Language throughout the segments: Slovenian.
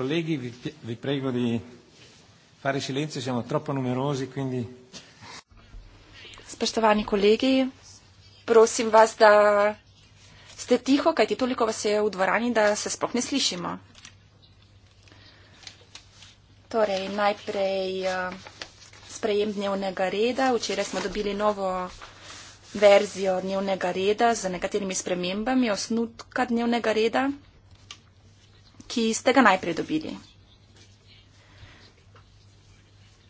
colleghi, vi, vi prego di fare silenzio, siamo troppo numerosi, quindi... Spoštovani kolegi, prosim vas, da ste tiho, kajti toliko vas je v dvorani, da se sploh ne slišimo. Torej, najprej eh, sprejem dnevnega reda. Včeraj smo dobili novo verzijo dnevnega reda z nekaterimi spremembami osnutka dnevnega reda ki ste ga najprej dobili.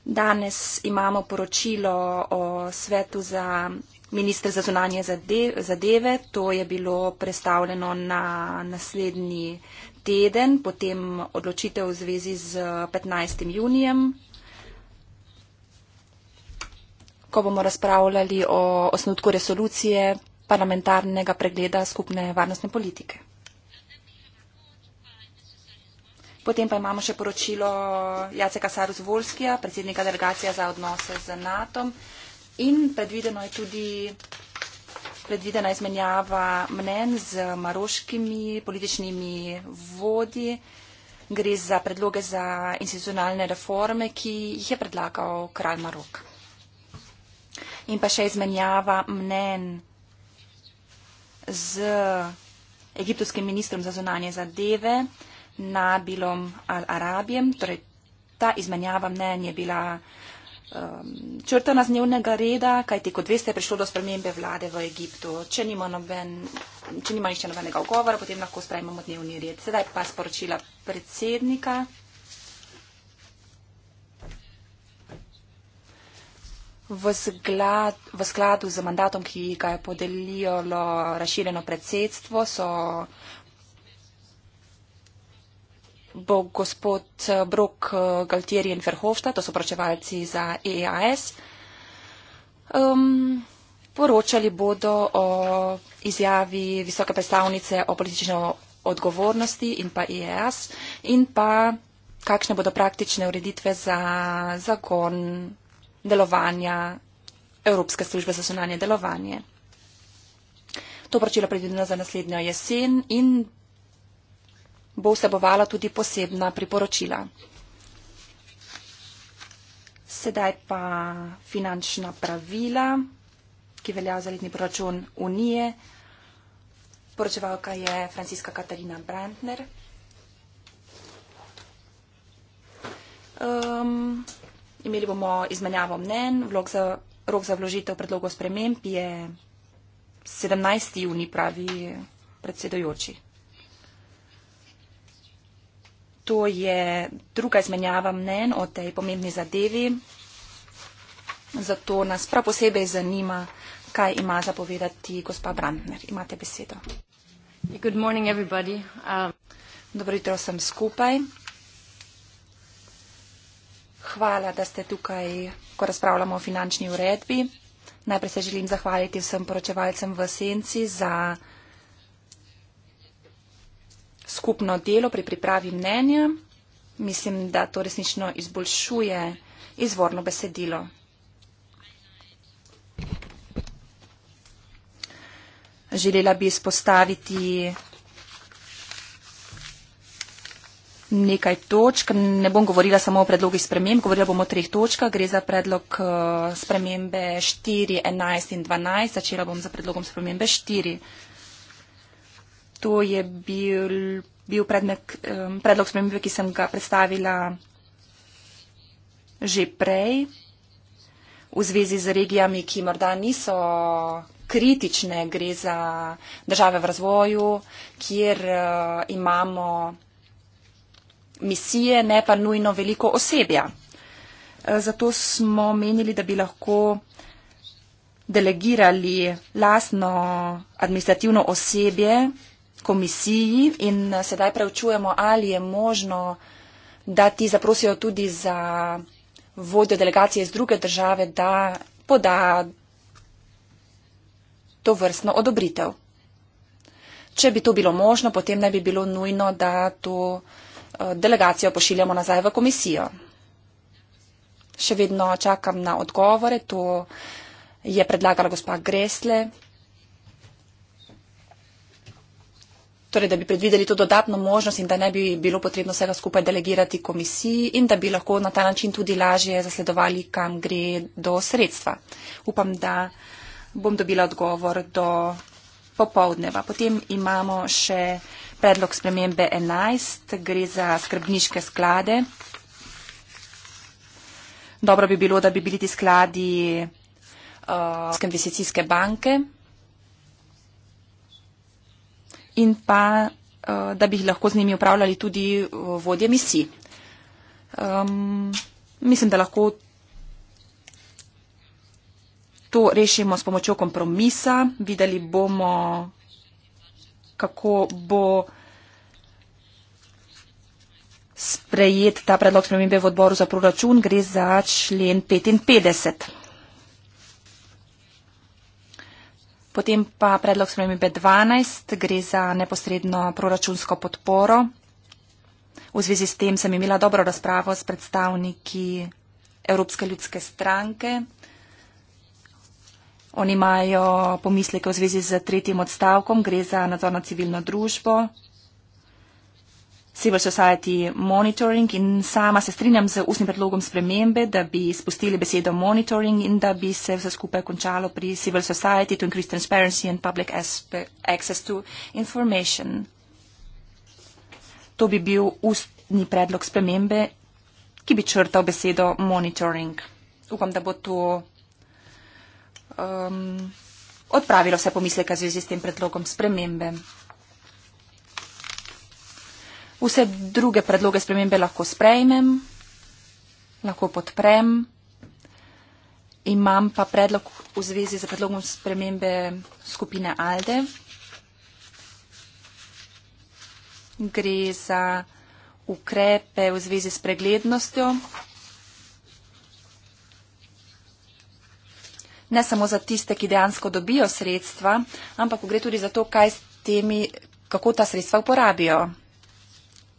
Danes imamo poročilo o svetu za ministr za zunanje zadeve. To je bilo predstavljeno na naslednji teden, potem odločitev v zvezi z 15. junijem, ko bomo razpravljali o osnutku resolucije parlamentarnega pregleda skupne varnostne politike. Potem pa imamo še poročilo Jaceka Saruzvolskija, predsednika delegacije za odnose z NATO. In predvideno je tudi predvidena izmenjava mnen z maroškimi političnimi vodji. Gre za predloge za institucionalne reforme, ki jih je predlagal kralj Marok. In pa še izmenjava mnen z egiptovskim ministrom za zunanje zadeve. Nabilom ali Arabijem. Torej, ta izmenjava mnen je bila um, črtana z dnevnega reda, kajti kot veste, je prišlo do spremembe vlade v Egiptu. Če nima, noben, če nima nišče nobenega ogovora, potem lahko sprejmemo dnevni red. Sedaj pa sporočila predsednika. V, zglad, v skladu z mandatom, ki ga je podelilo razširjeno predsedstvo, so bo gospod eh, Brok, eh, Galtieri in Verhofsta, to so pračevalci za EAS, um, poročali bodo o izjavi visoke predstavnice o politični odgovornosti in pa EAS in pa kakšne bodo praktične ureditve za zagon delovanja Evropske službe za sonanje delovanje. To pročilo predvideno za naslednjo jesen in bo vsebovala tudi posebna priporočila. Sedaj pa finančna pravila, ki velja za letni proračun Unije. Poročevalka je Franciska Katarina Brandner. Um, imeli bomo izmenjavo mnen, vlog za, rok za vložitev predlogov sprememb je 17. juni, pravi predsedojoči to je druga izmenjava mnen o tej pomembni zadevi. Zato nas prav posebej zanima, kaj ima zapovedati gospa Brandner. Imate besedo. Um... Dobro jutro sem skupaj. Hvala, da ste tukaj, ko razpravljamo o finančni uredbi. Najprej se želim zahvaliti vsem poročevalcem v Senci za skupno delo pri pripravi mnenja. Mislim, da to resnično izboljšuje izvorno besedilo. Želela bi spostaviti nekaj točk. Ne bom govorila samo o predlogih sprememb, govorila bom o treh točkah. Gre za predlog eh, spremembe 4, 11 in 12. Začela bom za predlogom spremembe 4 to je bil, bil prednek, um, predlog spremembe, ki sem ga predstavila že prej v zvezi z regijami, ki morda niso kritične, gre za države v razvoju, kjer uh, imamo misije, ne pa nujno veliko osebja. Eh, zato smo menili, da bi lahko delegirali lastno administrativno osebje komisiji in eh, sedaj preučujemo, ali je možno, da ti zaprosijo tudi za vodjo delegacije iz druge države, da poda to vrstno odobritev. Če bi to bilo možno, potem ne bi bilo nujno, da to eh, delegacijo pošiljamo nazaj v komisijo. Še vedno čakam na odgovore, to je predlagala gospa Gresle. torej, da bi predvideli to dodatno možnost in da ne bi bilo potrebno vsega skupaj delegirati komisiji in da bi lahko na ta način tudi lažje zasledovali, kam gre do sredstva. Upam, da bom dobila odgovor do popovdneva. Potem imamo še predlog spremembe 11, gre za skrbniške sklade. Dobro bi bilo, da bi bili ti skladi uh, investicijske banke in pa, eh, da bi lahko z njimi upravljali tudi eh, vodje misij. Um, mislim, da lahko to rešimo s pomočjo kompromisa. Videli bomo, kako bo sprejet ta predlog spremembe v odboru za proračun. Gre za člen 55. Potem pa predlog spremembe 12 gre za neposredno proračunsko podporo. V zvezi s tem sem imela dobro razpravo s predstavniki Evropske ljudske stranke. Oni imajo pomisleke v zvezi z tretjim odstavkom, gre za nadzor na civilno družbo civil society monitoring in sama se strinjam z ustnim predlogom spremembe, da bi spustili besedo monitoring in da bi se vse skupaj končalo pri civil society to increase transparency and public access to information. To bi bil ustni predlog spremembe, ki bi črtal besedo monitoring. Upam, da bo to um, odpravilo vse pomisleke z vezi s tem predlogom spremembe. Vse druge predloge spremembe lahko sprejmem, lahko podprem. Imam pa predlog v zvezi z predlogom spremembe skupine ALDE. Gre za ukrepe v zvezi s preglednostjo. Ne samo za tiste, ki dejansko dobijo sredstva, ampak gre tudi za to, kaj s temi, kako ta sredstva uporabijo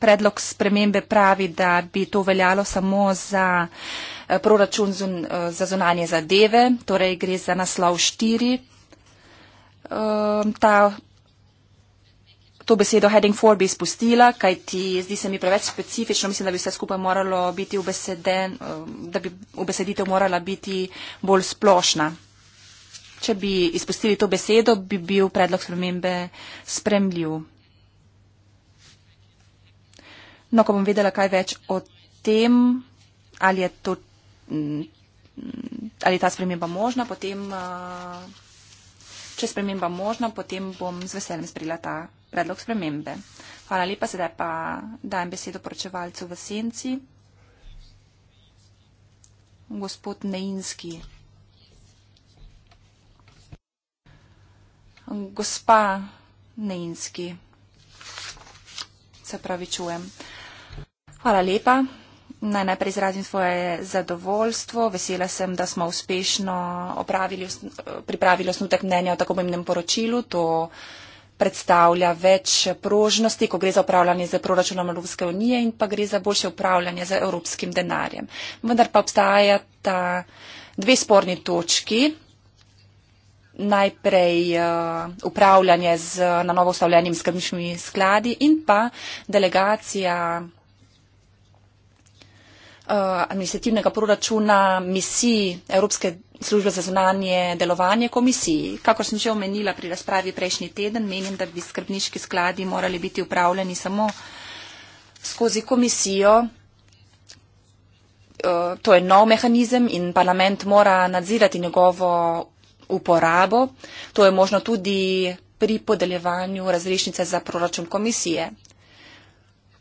predlog spremembe pravi, da bi to veljalo samo za eh, proračun zun, eh, za zunanje zadeve, torej gre za naslov 4. Eh, ta, to besedo heading 4 bi izpustila, kajti zdi se mi preveč specifično, mislim, da bi vse skupaj moralo biti obeseden, da bi obeseditev morala biti bolj splošna. Če bi izpustili to besedo, bi bil predlog spremembe spremljiv. No, ko bom vedela kaj več o tem, ali je, to, ali je ta sprememba možna, potem, eh, če je sprememba možna, potem bom z veseljem sprejela ta predlog spremembe. Hvala lepa, sedaj pa dajem besedo poročevalcu v senci. Gospod Neinski. Gospa Neinski. Se pravi, čujem. Hvala lepa. Naj najprej izrazim svoje zadovoljstvo. Vesela sem, da smo uspešno pripravili osnutek mnenja o tako pomembnem poročilu. To predstavlja več prožnosti, ko gre za upravljanje z proračunom Evropske unije in pa gre za boljše upravljanje z evropskim denarjem. Vendar pa obstaja ta dve sporni točki. Najprej uh, upravljanje z na novo ustavljenimi skrbniškimi skladi in pa delegacija Eh, administrativnega proračuna misiji Evropske službe za zunanje delovanje komisiji. Kako sem že omenila pri razpravi prejšnji teden, menim, da bi skrbniški skladi morali biti upravljeni samo skozi komisijo. Eh, to je nov mehanizem in parlament mora nadzirati njegovo uporabo. To je možno tudi pri podeljevanju razrešnice za proračun komisije.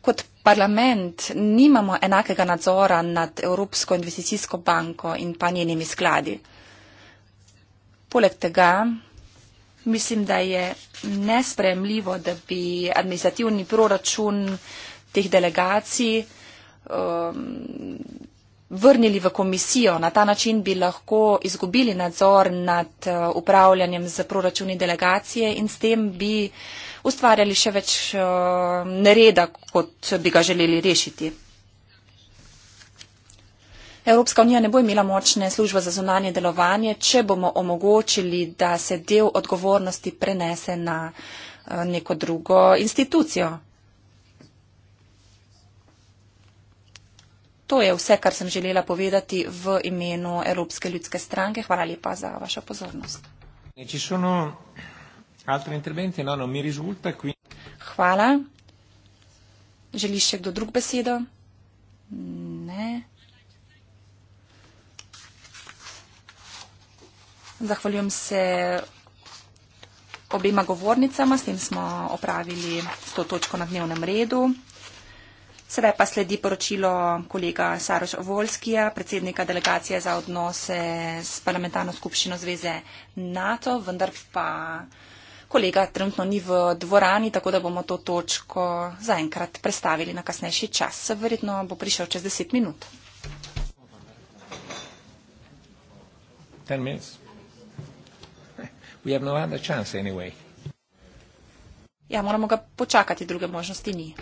Kot parlament nimamo enakega nadzora nad Evropsko investicijsko banko in pa njenimi skladi. Poleg tega mislim, da je nespremljivo, da bi administrativni proračun teh delegacij um, vrnili v komisijo. Na ta način bi lahko izgubili nadzor nad uh, upravljanjem z proračuni delegacije in s tem bi uh, ustvarjali še več eh, nereda, kot bi ga želeli rešiti. Evropska unija ne bo imela močne službe za zunanje delovanje, če bomo omogočili, da se del odgovornosti prenese na eh, neko drugo institucijo. To je vse, kar sem želela povedati v imenu Evropske ljudske stranke. Hvala lepa za vašo pozornost. Ne, Altri interventi? No, non mi risulta. Qui... Hvala. Želi še kdo drug besedo? Ne. Zahvaljujem se obema govornicama, s tem smo opravili to točko na dnevnem redu. Sedaj pa sledi poročilo kolega Saroš Volskija, predsednika delegacije za odnose s parlamentarno skupščino zveze NATO, vendar pa kolega trenutno ni v dvorani, tako da bomo to točko zaenkrat prestavili na kasnejši čas. Verjetno bo prišel čez deset minut. No anyway. Ja, moramo ga počakati, druge možnosti ni.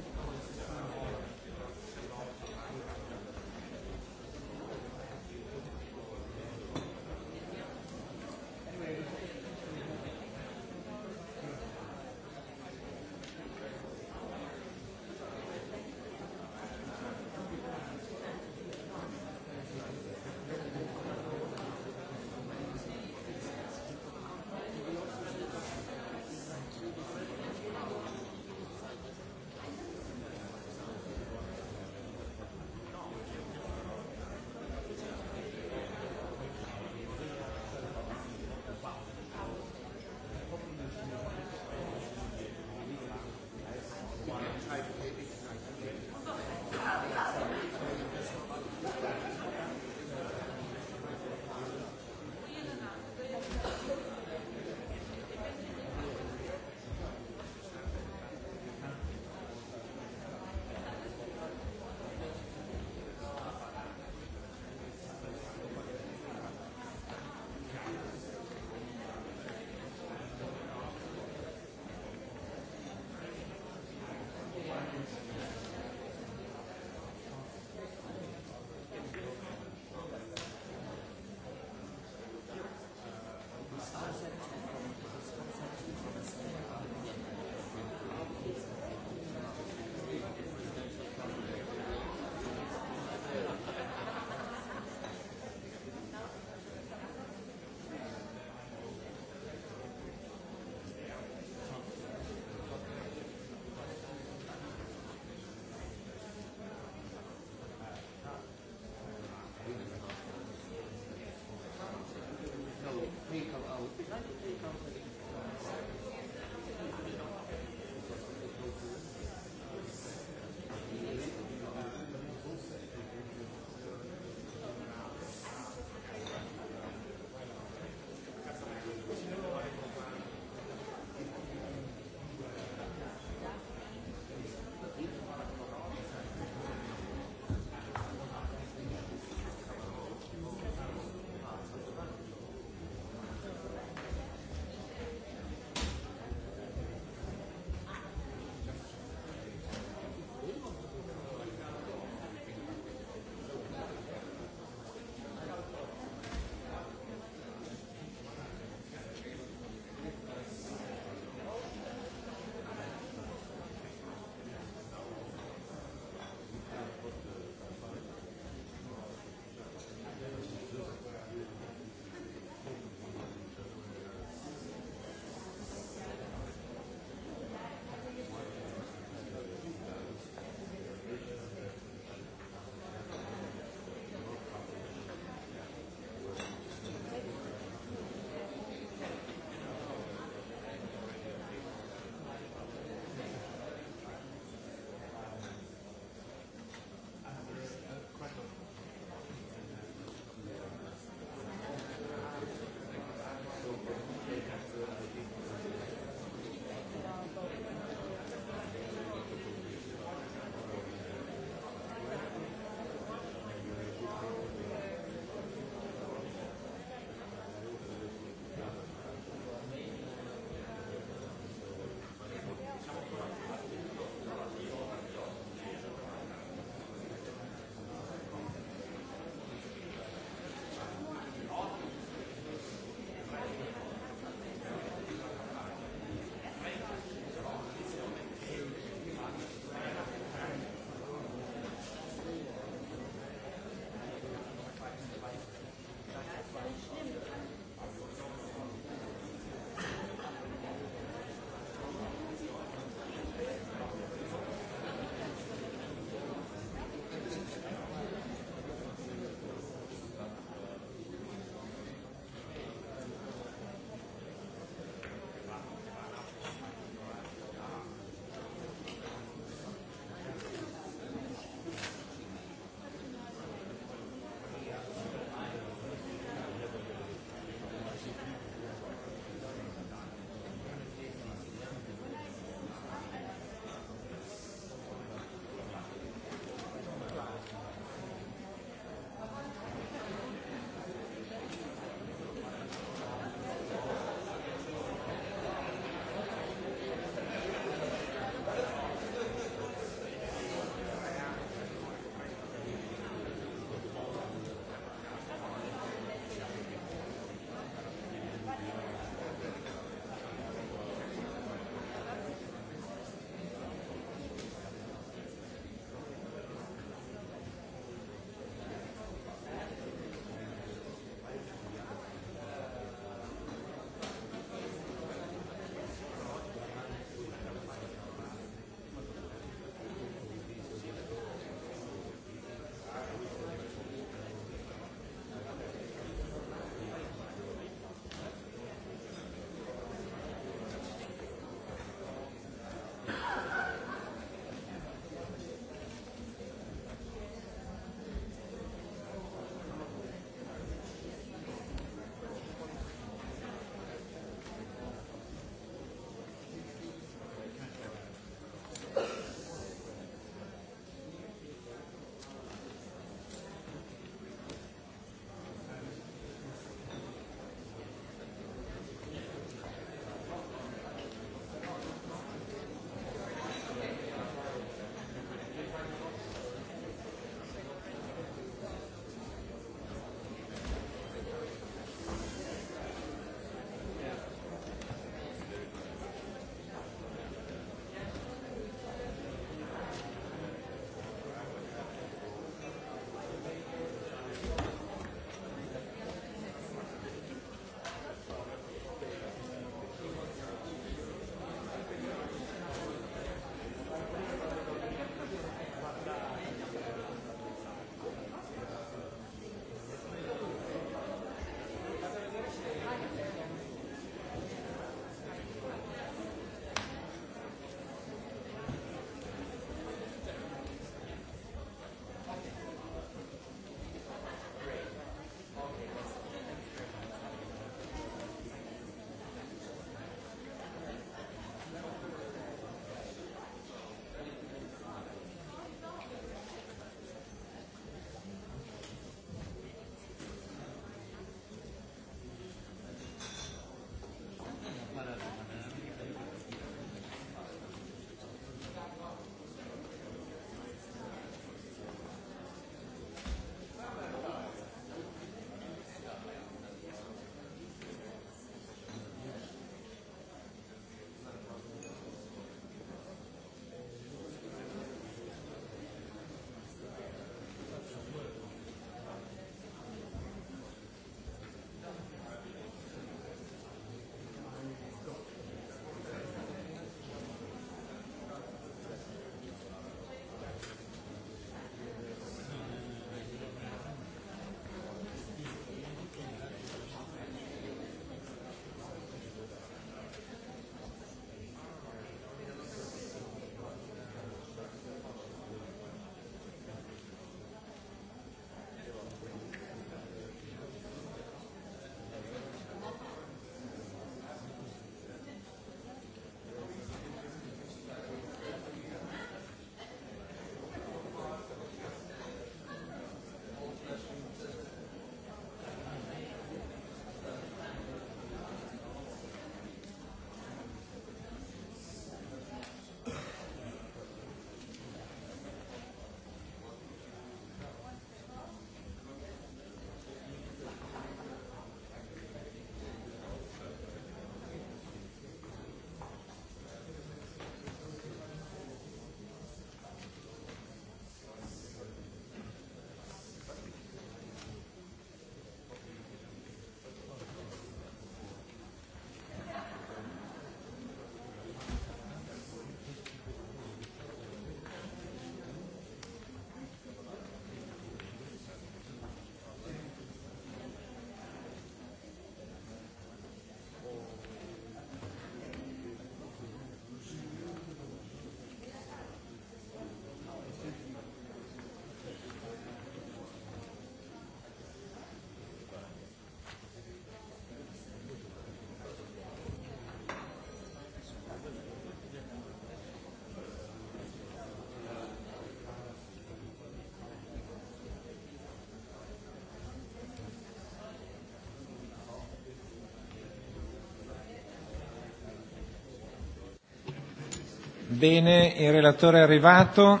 Bene, il relatore è arrivato.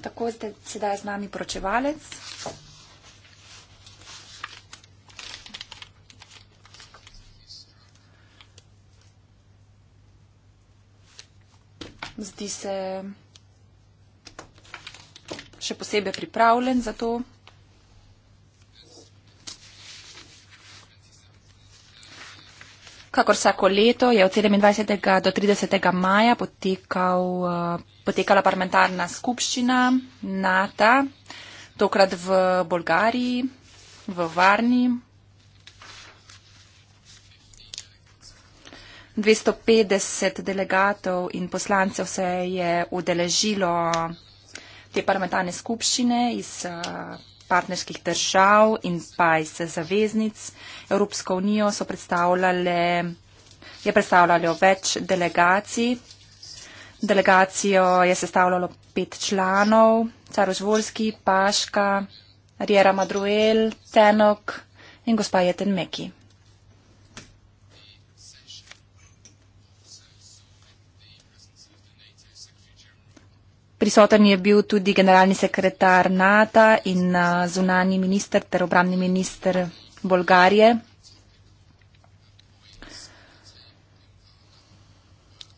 Tako zdaj, sedaj z nami poročevalec. Zdi se še posebej pripravljen za to. kakor vsako leto, je od 27. do 30. maja potekal, eh, potekala parlamentarna skupščina NATO, tokrat v Bolgariji, v Varni. 250 delegatov in poslancev se je udeležilo te parlamentarne skupščine iz eh, partnerskih držav in pa iz zaveznic Evropsko unijo so predstavljale, je predstavljalo več delegacij. Delegacijo je sestavljalo pet članov, Caro Žvorski, Paška, Riera Madruel, Tenok in gospa Jeten Meki. Prisoten je bil tudi generalni sekretar NATO in zunani minister ter obramni minister Bolgarije.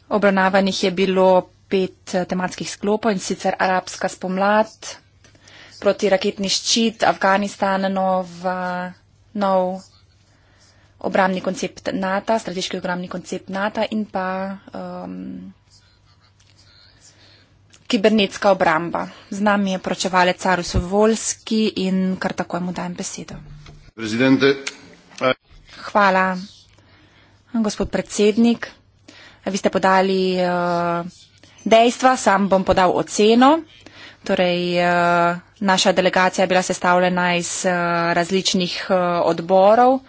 Obravnavanih je bilo pet tematskih sklopov in sicer arabska spomlad, protiraketni ščit, Afganistan, nova, nov obramni koncept NATO, strateški obramni koncept NATO in pa. Um, kibernetska obramba. Z nami je poročevalec Carus Volski in kar takoj mu dajem besedo. Prezidente. Hvala, gospod predsednik. Vi ste podali eh, dejstva, sam bom podal oceno. Torej, eh, naša delegacija je bila sestavljena iz eh, različnih odborov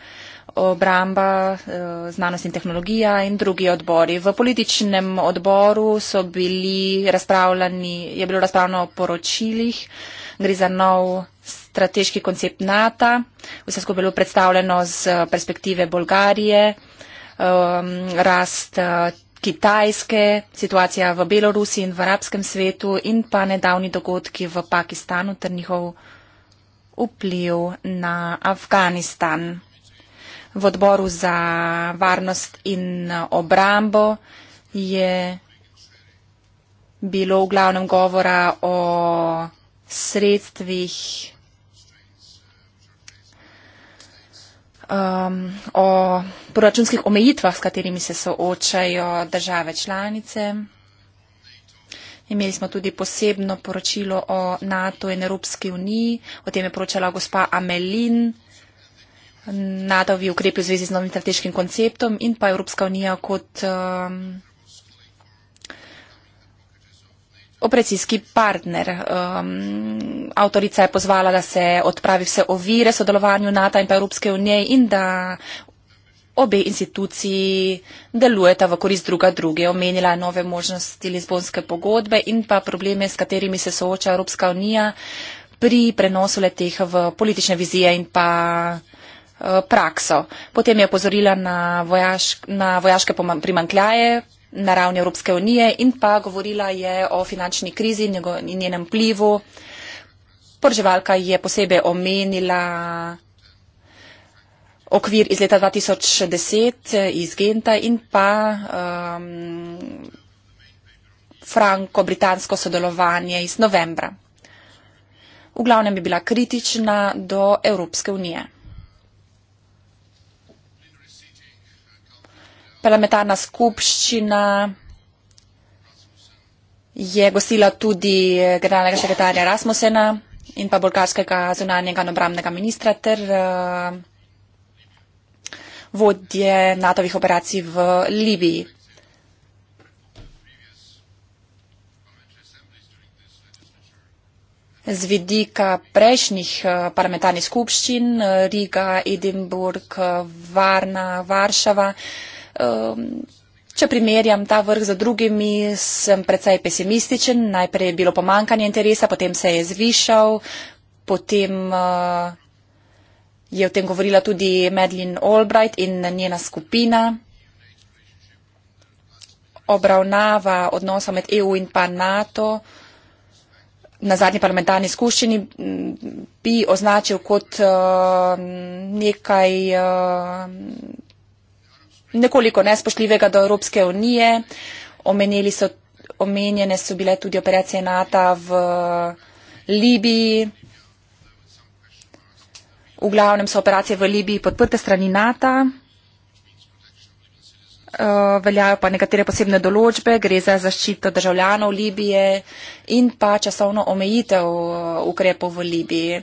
obramba, eh, znanost in tehnologija in drugi odbori. V političnem odboru je bilo razpravljeno o poročilih, gre za nov strateški koncept NATO, vse skupaj je bilo predstavljeno z perspektive Bolgarije, ehm, rast eh, Kitajske, situacija v Belorusi in v arabskem svetu in pa nedavni dogodki v Pakistanu ter njihov vpliv na Afganistan v odboru za varnost in obrambo je bilo v glavnem govora o sredstvih, um, o proračunskih omejitvah, s katerimi se soočajo države članice. Imeli smo tudi posebno poročilo o NATO in Evropski uniji, o tem je poročala gospa Amelin. NATO-vi ukrepi v zvezi z novim strateškim konceptom in pa Evropska unija kot um, operacijski partner. Um, autorica je pozvala, da se odpravi vse ovire sodelovanju NATO in pa Evropske unije in da obe instituciji delujeta v korist druga druge. Omenila je nove možnosti Lizbonske pogodbe in pa probleme, s katerimi se sooča Evropska unija pri prenosu leteh v politične vizije in pa Eh, prakso. Potem je opozorila na, vojaš, na vojaške primankljaje na ravni Evropske unije in pa govorila je o finančni krizi in njenem plivu. Porževalka je posebej omenila okvir iz leta 2010 eh, iz Genta in pa um, franko-britansko sodelovanje iz novembra. V glavnem je bila kritična do Evropske unije. parlamentarna skupščina je gostila tudi generalnega sekretarja Rasmusena in pa bolgarskega zunanjega in obramnega ministra ter uh, vodje NATO-vih operacij v Libiji. Z vidika prejšnjih eh, parlamentarnih skupščin eh, Riga, Edinburg, Varna, Varšava. Uh, um, Če primerjam ta vrh z drugimi, sem precej pesimističen. Najprej je bilo pomankanje interesa, potem se je zvišal, potem uh, je o tem govorila tudi Madeline Albright in njena skupina. Obravnava odnosa med EU in pa NATO na zadnji parlamentarni skuščini mm, bi označil kot uh, nekaj. Uh, nekoliko nespoštljivega do Evropske unije. So, omenjene so bile tudi operacije NATO v Libiji. V glavnem so operacije v Libiji podprte strani NATO. Uh, eh, veljajo pa nekatere posebne določbe, gre za zaščito državljanov Libije in pa časovno omejitev eh, ukrepov v Libiji.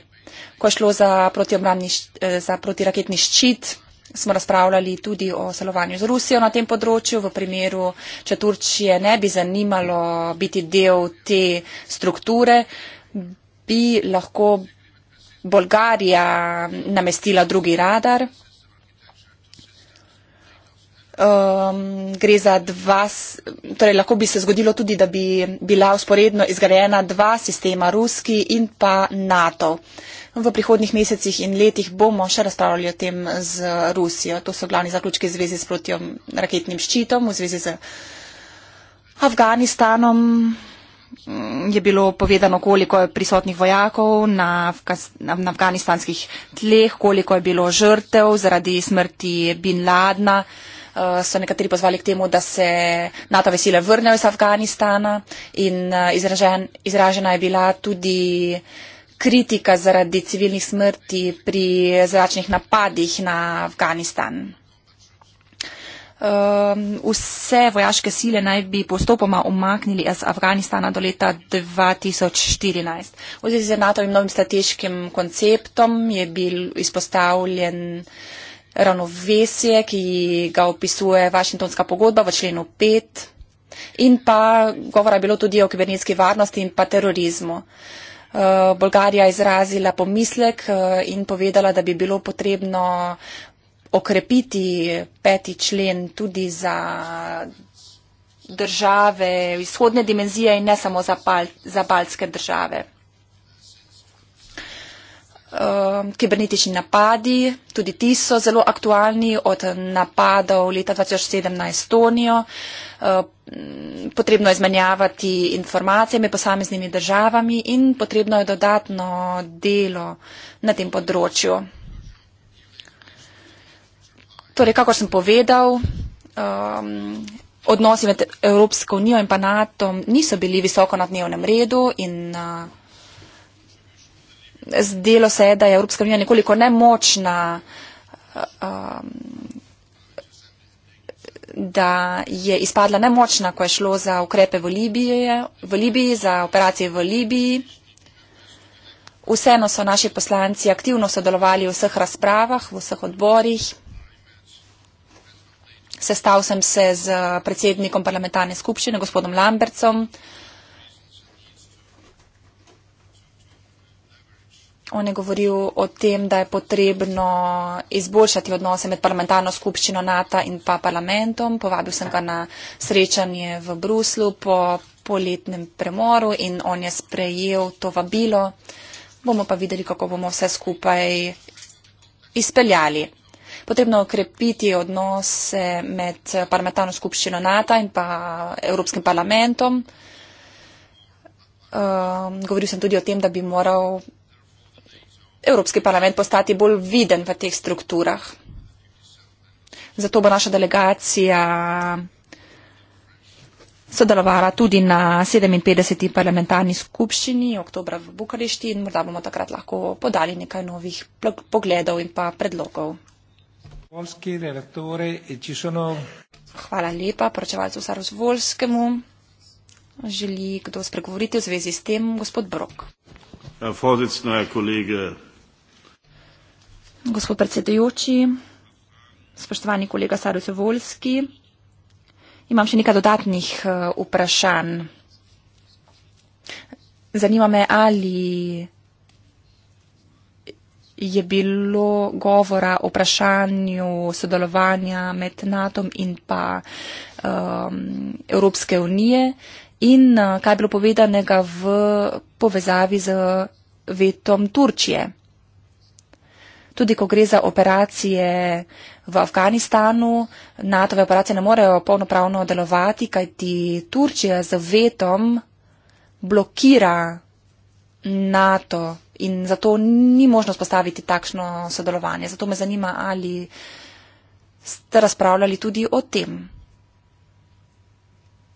Ko je šlo za, eh, protiraketni ščit, smo razpravljali tudi o salovanju z Rusijo na tem področju, v primeru, če Turčije ne bi zanimalo biti del te strukture, bi lahko Bolgarija namestila drugi radar. Um, gre za dva, torej lahko bi se zgodilo tudi, da bi bila usporedno izgrajena dva sistema, ruski in pa NATO. V prihodnih mesecih in letih bomo še razpravljali o tem z Rusijo. To so glavni zaključki v zvezi s protjom raketnim ščitom, v zvezi z Afganistanom. Je bilo povedano, koliko je prisotnih vojakov na, na afganistanskih tleh, koliko je bilo žrtev zaradi smrti Bin Ladna. Eh, so nekateri pozvali k temu, da se NATO vesile vrnejo iz Afganistana in eh, izražen, izražena je bila tudi kritika zaradi civilnih smrti pri zračnih napadih na Afganistan. Ehm, vse vojaške sile naj bi postopoma umaknili iz Afganistana do leta 2014. V zvezi z NATO-ovim novim strateškim konceptom je bil izpostavljen ravnovesje, ki ga opisuje Vašingtonska pogodba v členu 5. In pa govora je bilo tudi o kibernetski varnosti in pa terorizmu. Eh, Bolgarija je izrazila pomislek eh, in povedala, da bi bilo potrebno okrepiti peti člen tudi za države vzhodne dimenzije in ne samo za, bal za balske države uh, kibernetični napadi, tudi ti so zelo aktualni od napadov leta 2017 na Estonijo. Uh, potrebno je izmenjavati informacije med posameznimi državami in potrebno je dodatno delo na tem področju. Torej, kako sem povedal, um, odnosi med Evropsko unijo in pa NATO niso bili visoko na dnevnem redu in uh, zdelo se je, da je Evropska unija nekoliko nemočna, um, da je izpadla nemočna, ko je šlo za ukrepe v Libiji, v Libiji za operacije v Libiji. Vseeno so naši poslanci aktivno sodelovali v vseh razpravah, v vseh odborih. Sestal sem se z predsednikom parlamentarne skupščine, gospodom Lambercom. On je govoril o tem, da je potrebno izboljšati odnose med parlamentarno skupščino NATO in pa parlamentom. Povabil sem ga na srečanje v Bruslu po poletnem premoru in on je sprejel to vabilo. Bomo pa videli, kako bomo vse skupaj izpeljali. Potrebno je okrepiti odnose med parlamentarno skupščino NATO in pa Evropskim parlamentom. Um, govoril sem tudi o tem, da bi moral Evropski parlament postati bolj viden v teh strukturah. Zato bo naša delegacija sodelovala tudi na 57. parlamentarni skupščini oktobra v Bukarešti in morda bomo takrat lahko podali nekaj novih pogledov in pa predlogov. Polski, redaktore, Čišono. Hvala lepa, poročevalcu Sarosu Volskemu. Želi kdo spregovoriti v zvezi s tem, gospod Brok. Fodicna kolega. Gospod predsedujoči, spoštovani kolega Saruse Volski, imam še nekaj dodatnih eh, vprašanj. Zanima me, ali je bilo govora o vprašanju sodelovanja med NATO in pa um, Evropske unije in eh, kaj je bilo povedanega v povezavi z vetom Turčije tudi ko gre za operacije v Afganistanu, NATO-ve operacije ne morejo polnopravno delovati, kajti Turčija z vetom blokira NATO in zato ni možno spostaviti takšno sodelovanje. Zato me zanima, ali ste razpravljali tudi o tem,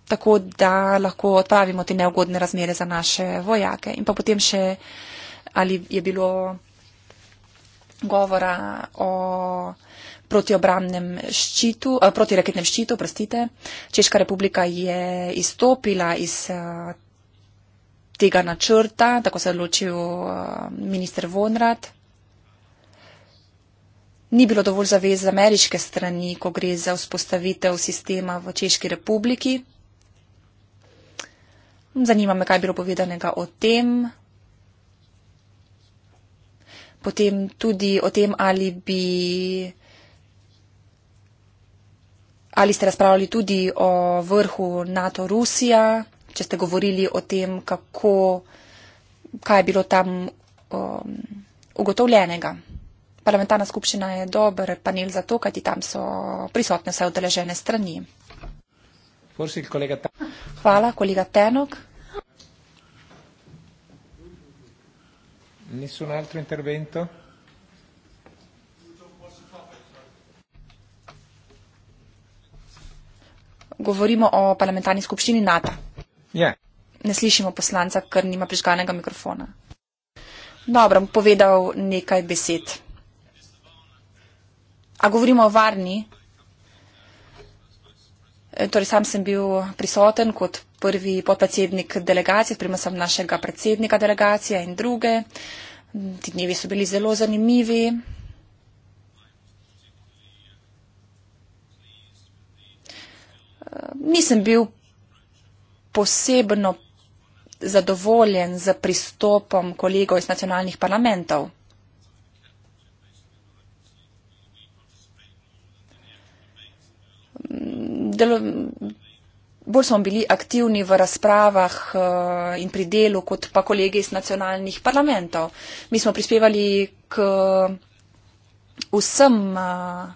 tako da lahko odpravimo te neugodne razmere za naše vojake. In pa potem še, ali je bilo govora o protiobramnem ščitu, eh, protiraketnem ščitu, prostite. Češka republika je izstopila iz eh, tega načrta, tako se je odločil eh, minister Vonrad. Ni bilo dovolj zavez z ameriške strani, ko gre za vzpostavitev sistema v Češki republiki. Zanima me, kaj je bilo povedanega o tem potem tudi o tem, ali bi. Ali ste razpravljali tudi o vrhu NATO-Rusija, če ste govorili o tem, kako, kaj je bilo tam um, ugotovljenega. Parlamentarna skupščina je dober panel za to, kajti tam so prisotne vse odeležene strani. Hvala, kolega Tenok. Nessun altro intervento? Govorimo o parlamentarni skupščini NATO. Ja. Ne slišimo poslanca, ker nima prižganega mikrofona. Dobro, bom povedal nekaj besed. A govorimo o varni? E, torej, sam sem bil prisoten kot prvi podpredsednik delegacije, sprejema sem našega predsednika delegacije in druge. Ti dnevi so bili zelo zanimivi. Nisem bil posebno zadovoljen z pristopom kolegov iz nacionalnih parlamentov. Delo, bolj smo bili aktivni v razpravah eh, in pri delu kot pa kolege iz nacionalnih parlamentov. Mi smo prispevali k vsem eh,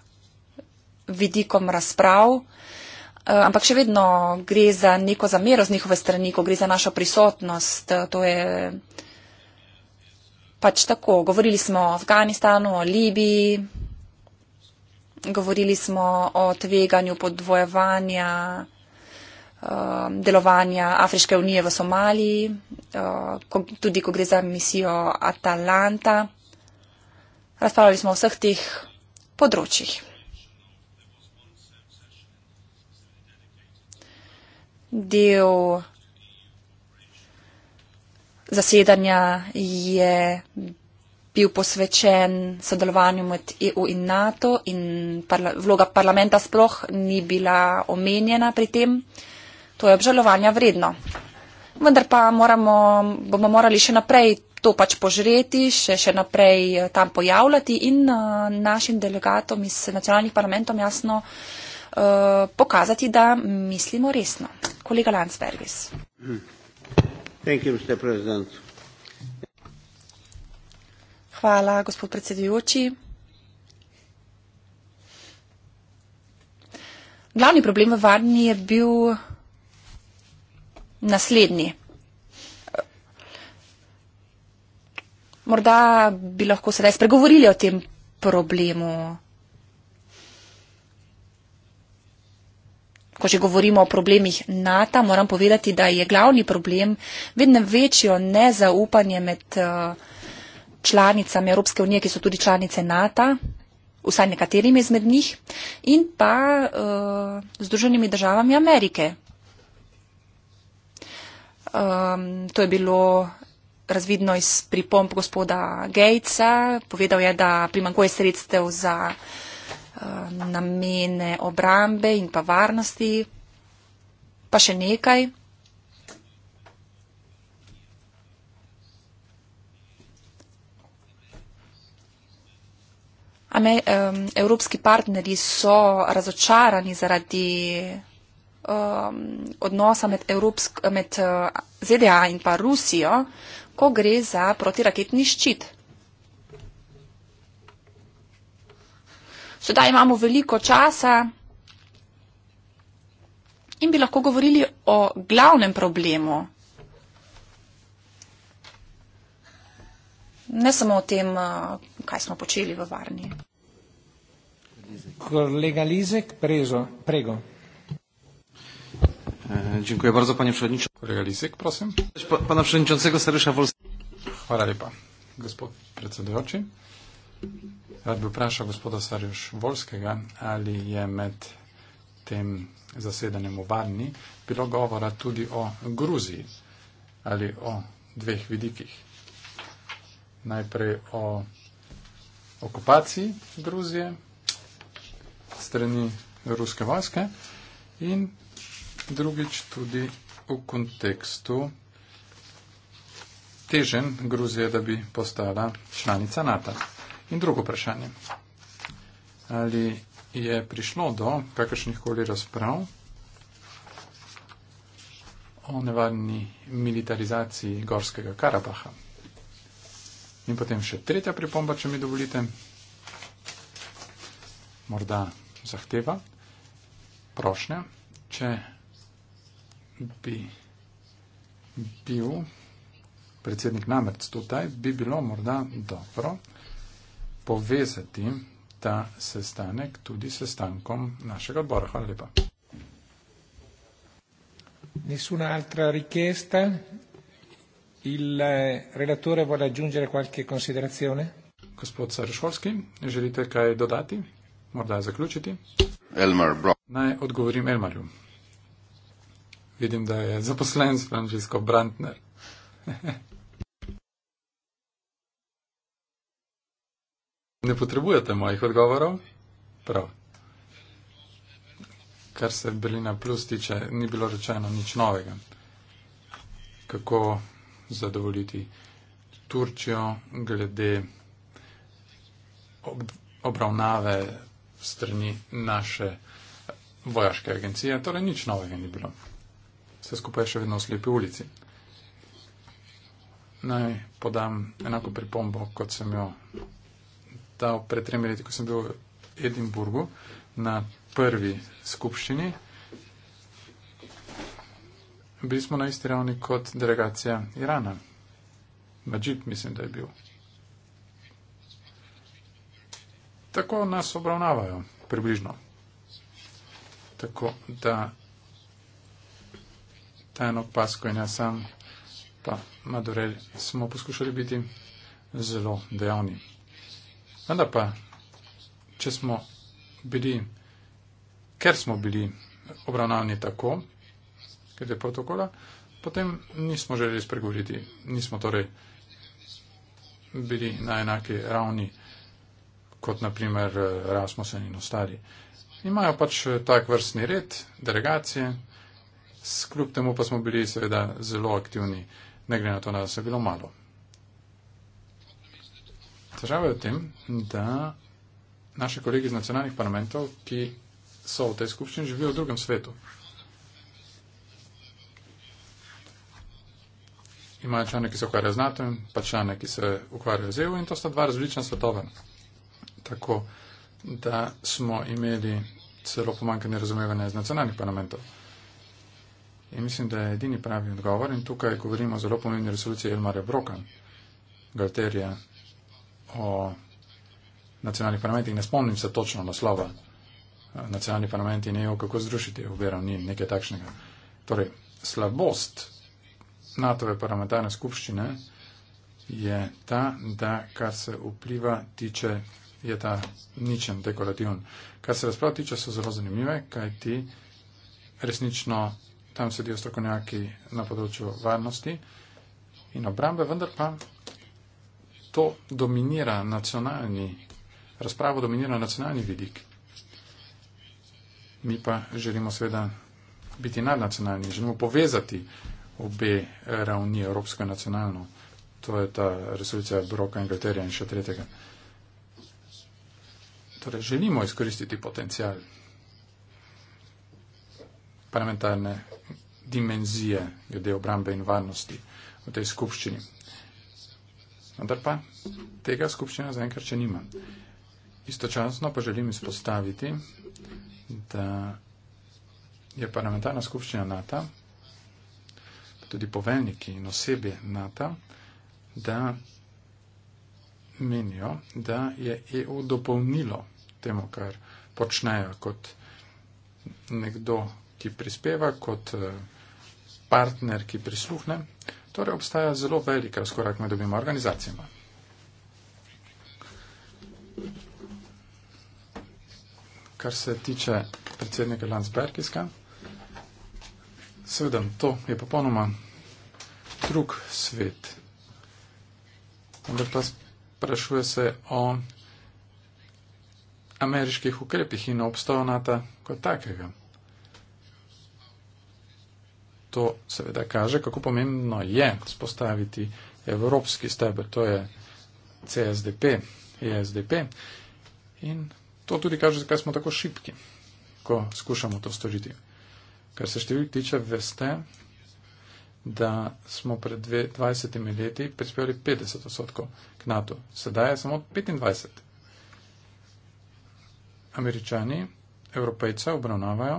vidikom razprav, eh, ampak še vedno gre za neko zamero z njihove strani, ko gre za našo prisotnost. To je pač tako. Govorili smo o Afganistanu, o Libiji. Govorili smo o tveganju podvojevanja Um, delovanja Afriške unije v Somaliji, uh, tudi ko gre za misijo Atalanta. Razpravljali smo o vseh teh področjih. Del zasedanja je bil posvečen sodelovanju med EU in NATO in parla vloga parlamenta sploh ni bila omenjena pri tem. To je obžalovanja vredno. Vendar pa moramo, bomo morali še naprej to pač požreti, še, še naprej eh, tam pojavljati in uh, našim delegatom iz nacionalnih parlamentov jasno uh, pokazati, da mislimo resno. Kolega Landsbergis. Hvala, gospod predsedujoči. Glavni problem v Varni je bil naslednji. Morda bi lahko sedaj spregovorili o tem problemu. Ko že govorimo o problemih NATO, moram povedati, da je glavni problem vedno večjo nezaupanje med eh, članicami Evropske unije, ki so tudi članice NATO, vsaj nekaterimi izmed njih, in pa uh, Združenimi državami Amerike, Um, to je bilo razvidno iz pripomp gospoda Gatesa. Povedal je, da primankuje sredstev za um, namene obrambe in pa varnosti. Pa še nekaj. Ame, um, evropski partnerji so razočarani zaradi um, odnosa med, Evropsk, med uh, ZDA in pa Rusijo, ko gre za protiraketni ščit. Sedaj imamo veliko časa in bi lahko govorili o glavnem problemu. Ne samo o tem, uh, kaj smo počeli v varni. Kolega Lizek, prezo, prego. Dziękuję bardzo, panie przewodniczący. Kolega Lisyk, proszę. Pa, pana przewodniczącego Serysza Wolskiego. Chwala lipa. Gospod precedujący. Rad by prosił gospoda Serysza Wolskiego, ale je med tym zasiedaniem u Varni bilo govora tudi o Gruzji, ali o dveh vidikih. Najprej o okupaciji Gruzije strani ruske vojske in drugič tudi v kontekstu težen Gruzije, da bi postala članica NATO. In drugo vprašanje. Ali je prišlo do kakršnih koli razprav o nevarni militarizaciji Gorskega Karabaha? In potem še tretja pripomba, če mi dovolite, morda zahteva, prošnja, če bi bil predsednik namreč tutaj, bi bilo morda dobro povezati ta sestanek tudi s sestankom našega odbora. Hvala lepa. Nessuna altra richiesta? Il eh, relatore vuole aggiungere qualche considerazione? Gospod Sarišovski, želite kaj dodati? Morda zaključiti? Elmar, bro. Naj odgovorim Elmarju vidim, da je zaposlen s Frančisko Brantner. ne potrebujete mojih odgovorov? Prav. Kar se Berlina Plus tiče, ni bilo rečeno nič novega. Kako zadovoljiti Turčijo glede ob obravnave strani naše vojaške agencije, torej nič novega ni bilo vse skupaj še vedno slepi ulici. Naj podam enako pripombo, kot sem jo dal pred tremi leti, ko sem bil v Edinburgu na prvi skupščini. Bili smo na isti ravni kot delegacija Irana. Majid, mislim, da je bil. Tako nas obravnavajo, približno. Tako da tajno pasko in jaz sam, pa Madurelj, smo poskušali biti zelo dejavni. Vendar pa, če smo bili, ker smo bili obravnavni tako, ker je protokola, potem nismo želeli spregovoriti, nismo torej bili na enaki ravni kot naprimer eh, Rasmussen in ostali. Imajo pač eh, tak vrstni red, delegacije, Skrb temu pa smo bili seveda zelo aktivni, ne glede na to, da nas je bilo malo. Težava je v tem, da naši kolegi iz nacionalnih parlamentov, ki so v tej skupščini, živijo v drugem svetu. Imajo člane, ki se ukvarjajo z NATO in pa člane, ki se ukvarjajo z EU in to sta dva različna svetova. Tako da smo imeli celo pomankanje razumevanja iz nacionalnih parlamentov. In mislim, da je edini pravi odgovor in tukaj govorimo o zelo pomembni resoluciji Elmara Broka, Galterija o nacionalnih parlamentih. Ne spomnim se točno naslova eh, nacionalnih parlamentih in EU, kako združiti obe ravni, nekaj takšnega. Torej, slabost NATO-ve parlamentarne skupščine je ta, da kar se vpliva tiče, je ta ničen dekorativen. Kar se razprav tiče, so zelo zanimive, kaj ti resnično tam sedijo strokovnjaki na področju varnosti in obrambe, vendar pa to dominira nacionalni, razpravo dominira nacionalni vidik. Mi pa želimo seveda biti nadnacionalni, želimo povezati obe ravni, evropsko in nacionalno. To je ta resolucija Broka Engleterja in še tretjega. Torej, želimo izkoristiti potencial parlamentarne dimenzije glede obrambe in varnosti v tej skupščini. Vendar pa tega skupščina zaenkrat še nima. Istočasno pa želim izpostaviti, da je parlamentarna skupščina NATO, pa tudi poveljniki in osebje NATO, da menijo, da je EU dopolnilo temu, kar počnejo kot nekdo, ki prispeva, kot eh, partner, ki prisluhne. Torej obstaja zelo velik razkorak med obima organizacijama. Kar se tiče predsednika Landsbergiska, seveda to je popolnoma drug svet. Vendar pa sprašuje se o ameriških ukrepih in obstoju NATO kot takega to seveda kaže, kako pomembno je spostaviti evropski stebr, to je CSDP, ESDP. In to tudi kaže, zakaj smo tako šipki, ko skušamo to storiti. Kar se številk tiče, veste, da smo pred 20 leti prispeli 50 odstotkov k NATO. Sedaj je samo 25. Američani, evropejce obravnavajo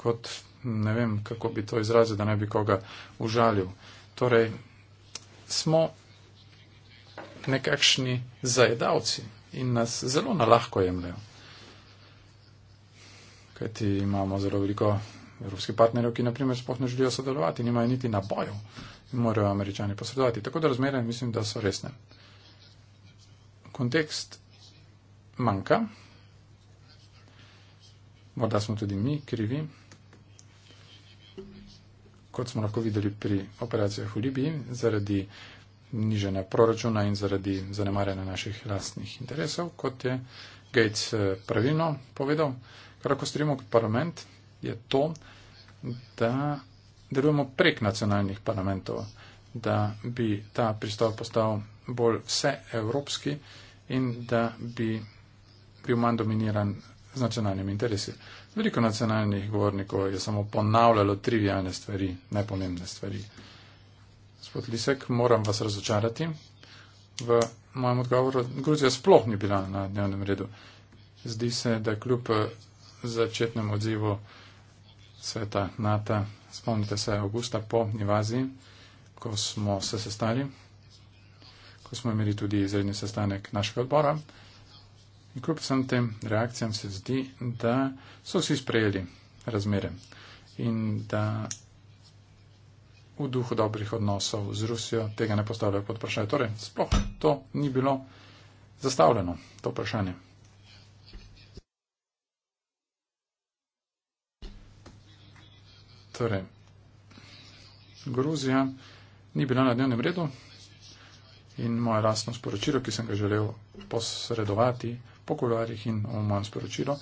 kot ne vem, kako bi to izrazil, da ne bi koga užalil. Torej, smo nekakšni zajedavci in nas zelo na lahko jemljajo. Kajti imamo zelo veliko evropskih partnerjev, ki naprimer sploh ne želijo sodelovati, nimajo niti nabojev in morajo američani posredovati. Tako da razmere mislim, da so resne. Kontekst manjka. Morda smo tudi mi krivi kot smo lahko videli pri operacijah v Libiji, zaradi nižene proračuna in zaradi zanemarjanja naših lastnih interesov, kot je Gates eh, pravilno povedal, kar lahko storimo kot parlament, je to, da delujemo prek nacionalnih parlamentov, da bi ta pristop postal bolj vseevropski in da bi bil manj dominiran z nacionalnimi interesi. Veliko nacionalnih govornikov je samo ponavljalo trivijalne stvari, nepomembne stvari. Gospod Lisek, moram vas razočarati. V mojem odgovoru Gruzija sploh ni bila na dnevnem redu. Zdi se, da kljub eh, začetnem odzivu sveta NATO, spomnite se avgusta po invaziji, ko smo se sestali, ko smo imeli tudi izredni sestanek našega odbora, In kljub vsem tem reakcijam se zdi, da so vsi sprejeli razmere in da v duhu dobrih odnosov z Rusijo tega ne postavljajo pod vprašanje. Torej, sploh to ni bilo zastavljeno, to vprašanje. Torej, Gruzija ni bila na dnevnem redu in moje lastno sporočilo, ki sem ga želel posredovati, pogovarjih in v mojem sporočilu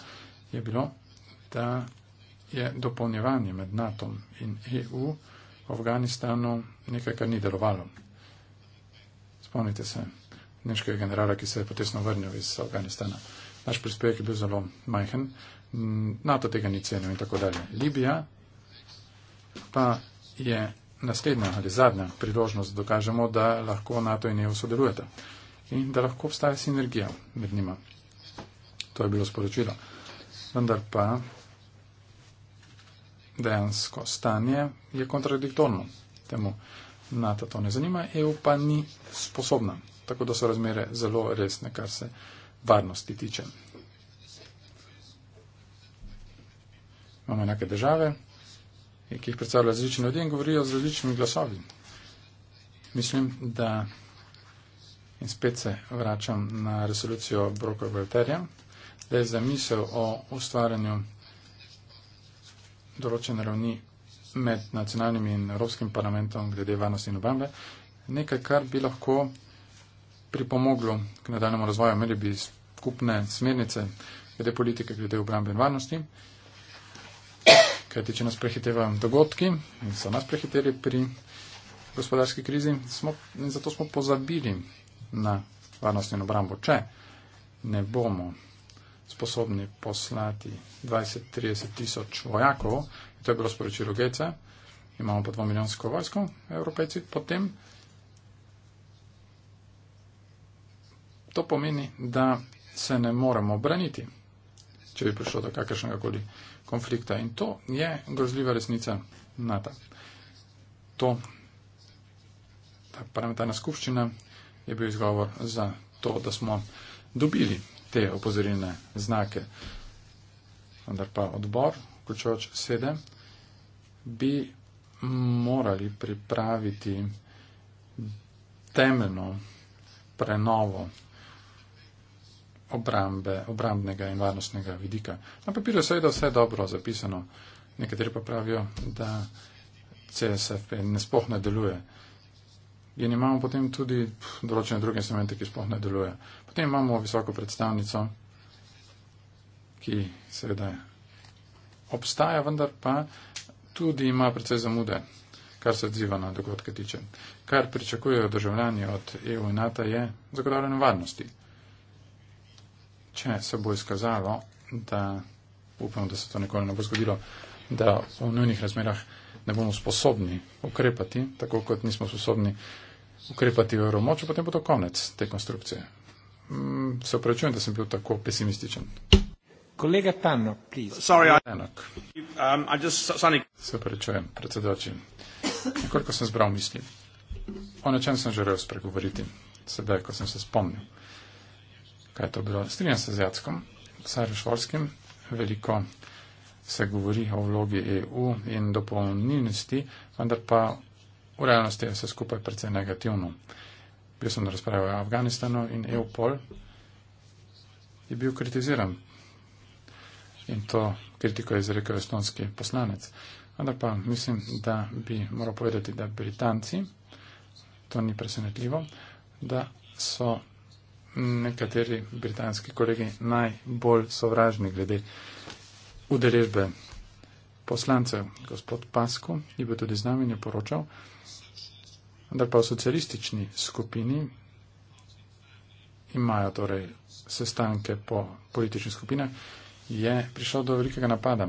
je bilo, da je dopolnjevanje med NATO in EU v Afganistanu nekaj, kar ni delovalo. Spomnite se nemškega generala, ki se je potesno vrnil iz Afganistana. Naš prispevek je bil zelo majhen, NATO tega ni cenil in tako dalje. Libija pa je naslednja ali zadnja priložnost, da dokažemo, da lahko NATO in EU sodelujete in da lahko obstaja sinergija med njima to je bilo sporočilo. Vendar pa dejansko stanje je kontradiktorno temu. NATO to ne zanima, EU pa ni sposobna. Tako da so razmere zelo resne, kar se varnosti tiče. Imamo enake države, ki jih predstavlja različni ljudje in govorijo z različnimi glasovi. Mislim, da in spet se vračam na resolucijo Broka Valterja, le za misel o ustvarjanju določene ravni med nacionalnim in evropskim parlamentom glede varnosti in obambe, nekaj, kar bi lahko pripomoglo k nadaljemu razvoju. Imeli bi skupne smernice glede politike, glede obrambe in varnosti, kajti, če nas prehitevajo dogodki in so nas prehiteli pri gospodarski krizi, smo, in zato smo pozabili na varnost in obrambo. Če ne bomo sposobni poslati 20-30 tisoč vojakov, to je bilo sporočilo Geca, imamo pa dvomiljonsko vojsko, evropejci, potem to pomeni, da se ne moremo braniti, če bi prišlo do kakršnega koli konflikta. In to je grozljiva resnica NATO. To, ta parlamentarna skupščina je bil izgovor za to, da smo dobili te opozorilne znake. Vendar pa odbor, vključujoč sede, bi morali pripraviti temeljno prenovo obrambe, obrambnega in varnostnega vidika. Na papirju je seveda vse dobro zapisano, nekateri pa pravijo, da CSFP ne spoh ne deluje. In imamo potem tudi določene druge instrumente, ki spoh ne delujejo. Potem imamo visoko predstavnico, ki seveda obstaja, vendar pa tudi ima precej zamude, kar se odziva na dogodke tiče. Kar pričakujejo državljani od EU in NATO je zagotavljanje varnosti. Če se bo izkazalo, da upam, da se to nikoli ne bo zgodilo, da v nujnih razmerah ne bomo sposobni ukrepati, tako kot nismo sposobni ukrepati v Romoču, potem bo to konec te konstrukcije. Mm, se upravičujem, da sem bil tako pesimističen. Kolega Tanok, prosim. Tanok. Um, se upravičujem, predsedoči. Koliko sem zbral misli? O nečem sem želel spregovoriti, sedaj, ko sem se spomnil, kaj je to bilo. Strinjam se z Jackom, carjem Šolskim, veliko se govori o vlogi EU in dopolnilnosti, vendar pa v realnosti je vse skupaj precej negativno. Prej sem razpravljal o Afganistanu in EUPOL je bil kritiziran. In to kritiko je izrekel estonski poslanec. Vendar pa mislim, da bi moral povedati, da Britanci, to ni presenetljivo, da so nekateri britanski kolegi najbolj sovražni glede udeležbe poslancev. Gospod Pasko je bil tudi z nami in je poročal, vendar pa v socialistični skupini imajo torej sestanke po politični skupine, je prišlo do velikega napada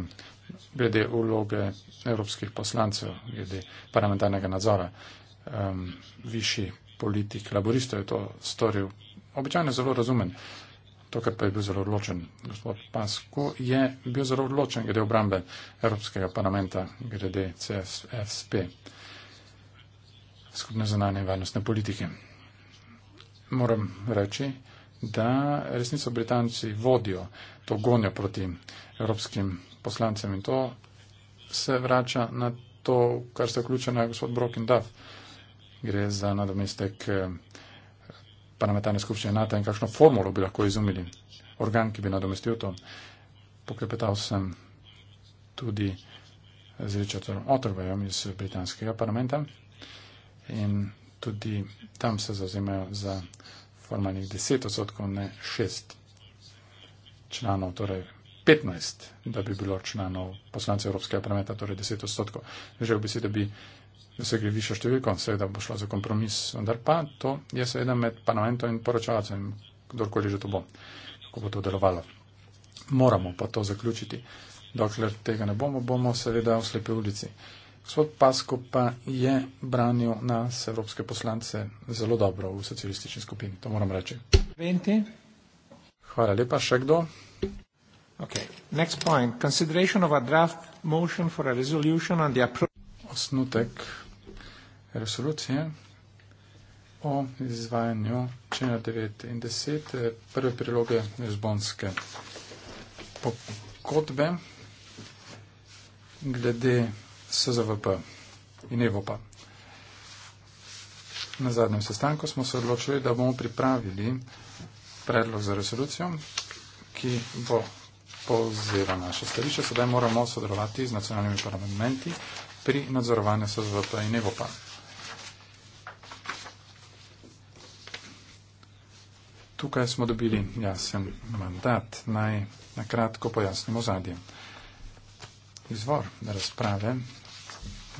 glede uloge evropskih poslancev, glede parlamentarnega nadzora. Um, višji politik laboristov je to storil. Običajno zelo razumen, to, kar pa je bil zelo odločen gospod Pasko, je bil zelo odločen glede obrambe Evropskega parlamenta, glede CSFP. CS, skupne zunanje in varnostne politike. Moram reči, da resnico Britanci vodijo to gonjo proti evropskim poslancem in to se vrača na to, kar ste vključeni, gospod Brock in Duff. Gre za nadomestek eh, parlamentarne skupščine NATO in kakšno formulo bi lahko izumili, organ, ki bi nadomestil to. Poklepetal sem tudi z Richardom Otterbejem iz britanskega parlamenta in tudi tam se zauzemajo za formalnih 10 odstotkov, ne 6 članov, torej 15, da bi bilo članov poslancev Evropskega parlamenta, torej 10 odstotkov. Želel bi si, da bi dosegli višjo številko, seveda bo šlo za kompromis, vendar pa to je seveda med parlamentom in poročevalcem, kdorkoli že to bo, kako bo to delovalo. Moramo pa to zaključiti. Dokler tega ne bomo, bomo seveda v slepi ulici. Uh, Gospod Pasko pa je branil nas, evropske poslance, zelo dobro v socialistični skupini, to moram reči. 20. Hvala lepa, še kdo? Okay. Osnutek resolucije o izvajanju čena 9 in 10 eh, prve priloge Lizbonske pokotbe glede SZVP in EVOPA. Na zadnjem sestanku smo se odločili, da bomo pripravili predlog za resolucijo, ki bo povzela naše stališče. Sedaj moramo sodelovati z nacionalnimi parlamenti pri nadzorovanju SZVP in EVOPA. Tukaj smo dobili jasen mandat. Naj na kratko pojasnimo zadnje. Izvor razprave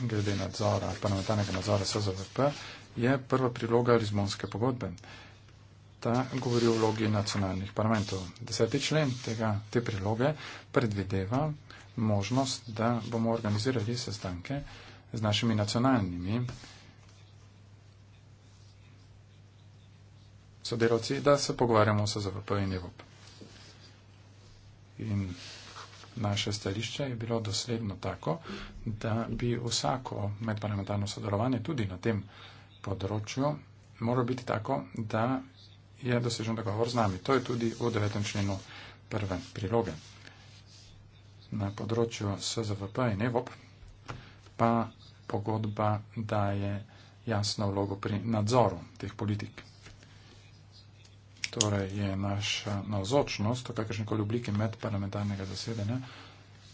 glede nadzora, parlamentarnega nadzora SZVP, je prva priloga Lizbonske pogodbe. Ta govori o vlogi nacionalnih parlamentov. Deseti člen tega, te priloge predvideva možnost, da bomo organizirali sestanke z našimi nacionalnimi sodelavci, da se pogovarjamo o SZVP in Evropi. In naše stališče je bilo dosledno tako, da bi vsako medparlamentarno sodelovanje tudi na tem področju moralo biti tako, da je dosežen dogovor z nami. To je tudi v 9. členu prve priloge. Na področju SZVP in EVOP pa pogodba daje jasno vlogo pri nadzoru teh politik torej je naša navzočnost v kakršnikoli obliki medparlamentarnega zasedanja,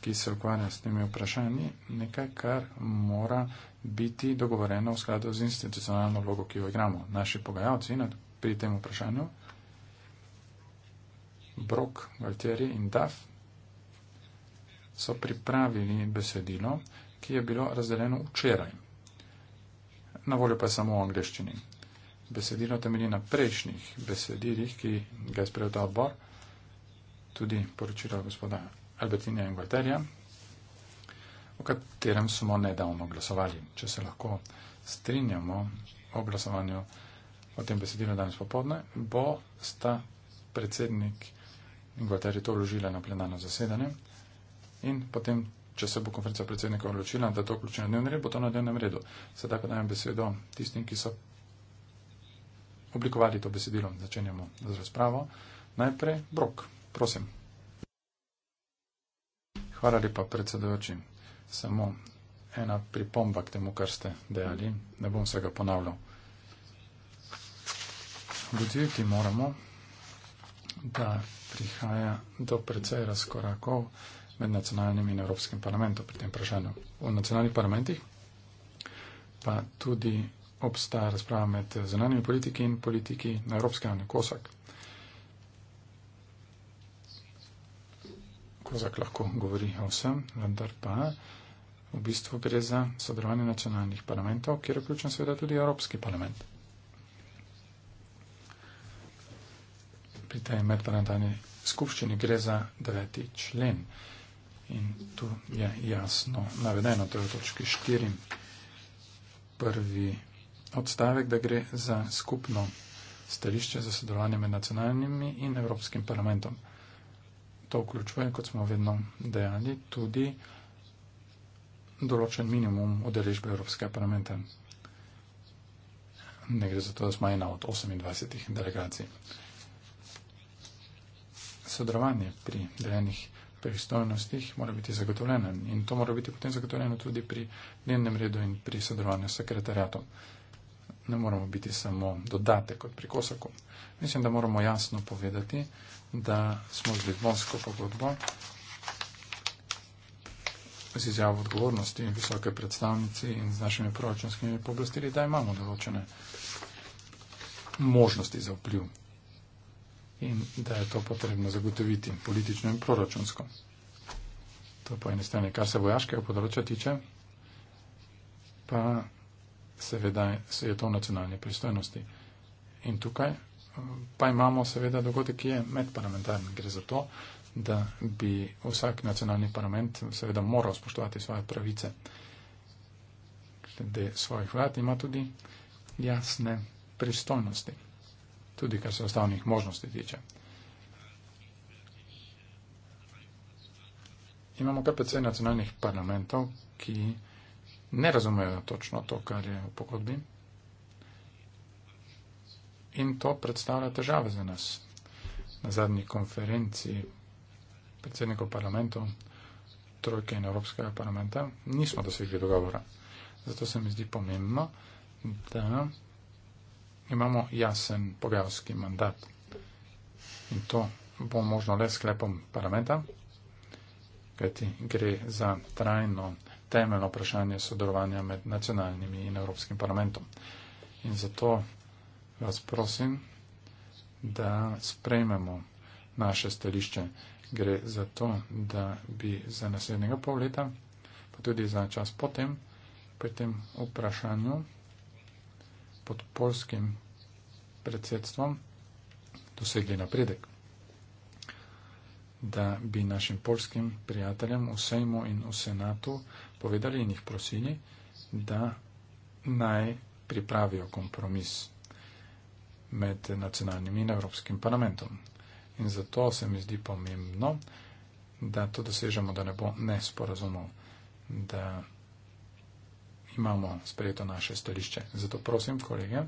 ki se ukvarja s temi vprašanji, nekaj, kar mora biti dogovoreno v skladu z institucionalno vlogo, ki jo igramo. Naši pogajalci na, pri tem vprašanju, Brok, Valtieri in Daf, so pripravili besedilo, ki je bilo razdeljeno včeraj. Na voljo pa je samo v angleščini besedilo temelji na prejšnjih besedilih, ki ga je sprejel ta odbor, tudi poročilo gospoda Albertina in Gualterja, o katerem smo nedavno glasovali. Če se lahko strinjamo o glasovanju o tem besedilu danes popodne, bo sta predsednik in Gualterji to vložila na plenarno zasedanje in potem. Če se bo konferenca predsednika odločila, da to vključi na dnevni red, bo to na dnevnem redu. Sedaj pa dajem besedo tistim, ki so oblikovali to besedilo. Začenjamo z razpravo. Najprej Brok, prosim. Hvala lepa, predsedojoči. Samo ena pripomba k temu, kar ste dejali. Ne bom vsega ponavljal. Ljudjeti moramo, da prihaja do precej razkorakov med nacionalnim in evropskim parlamentom pri tem vprašanju. V nacionalnih parlamentih pa tudi obstaja razprava med zunanjimi politiki in politiki na Evropske unije. Kosak. Kozak lahko govori o vsem, vendar pa v bistvu gre za sodelovanje nacionalnih parlamentov, kjer je vključen seveda tudi Evropski parlament. Pri tej medparlamentarni skupščini gre za deveti člen in tu je jasno navedeno, to je v točki štiri. Prvi odstavek, da gre za skupno stališče za sodelovanje med nacionalnimi in evropskim parlamentom. To vključuje, kot smo vedno dejali, tudi določen minimum odeležbe Evropskega parlamenta. Ne gre za to, da smo ena od 28 delegacij. Sodelovanje pri delenih pristojnostih mora biti zagotovljeno in to mora biti potem zagotovljeno tudi pri dnevnem redu in pri sodelovanju s sekretariatom ne moramo biti samo dodatek kot pri kosaku. Mislim, da moramo jasno povedati, da smo z Lizbonsko pogodbo z izjavo odgovornosti in visoke predstavnici in z našimi proračunskimi pooblastili, da imamo določene možnosti za vpliv in da je to potrebno zagotoviti politično in proračunsko. To je po eni strani, kar se vojaškega področja tiče, pa seveda se je to nacionalne pristojnosti. In tukaj pa imamo seveda dogodek, ki je medparlamentarni. Gre za to, da bi vsak nacionalni parlament seveda moral spoštovati svoje pravice glede svojih vlad, ima tudi jasne pristojnosti, tudi kar se ostalih možnosti tiče. Imamo kar precej nacionalnih parlamentov, ki ne razumejo točno to, kar je v pogodbi. In to predstavlja težave za nas. Na zadnji konferenci predsednikov parlamentov, trojke in Evropskega parlamenta, nismo dosegli dogovora. Zato se mi zdi pomembno, da imamo jasen pogajalski mandat. In to bo možno le sklepom parlamenta, kajti gre za trajno temeljno vprašanje sodelovanja med nacionalnimi in Evropskim parlamentom. In zato vas prosim, da sprejmemo naše stališče. Gre za to, da bi za naslednjega pol leta, pa tudi za čas potem, pri tem vprašanju pod polskim predsedstvom dosegli napredek. Da bi našim polskim prijateljem v Sejmu in v Senatu povedali in jih prosili, da naj pripravijo kompromis med nacionalnim in evropskim parlamentom. In zato se mi zdi pomembno, da to dosežemo, da ne bo nesporazumov, da imamo sprejeto naše stališče. Zato prosim, kolege,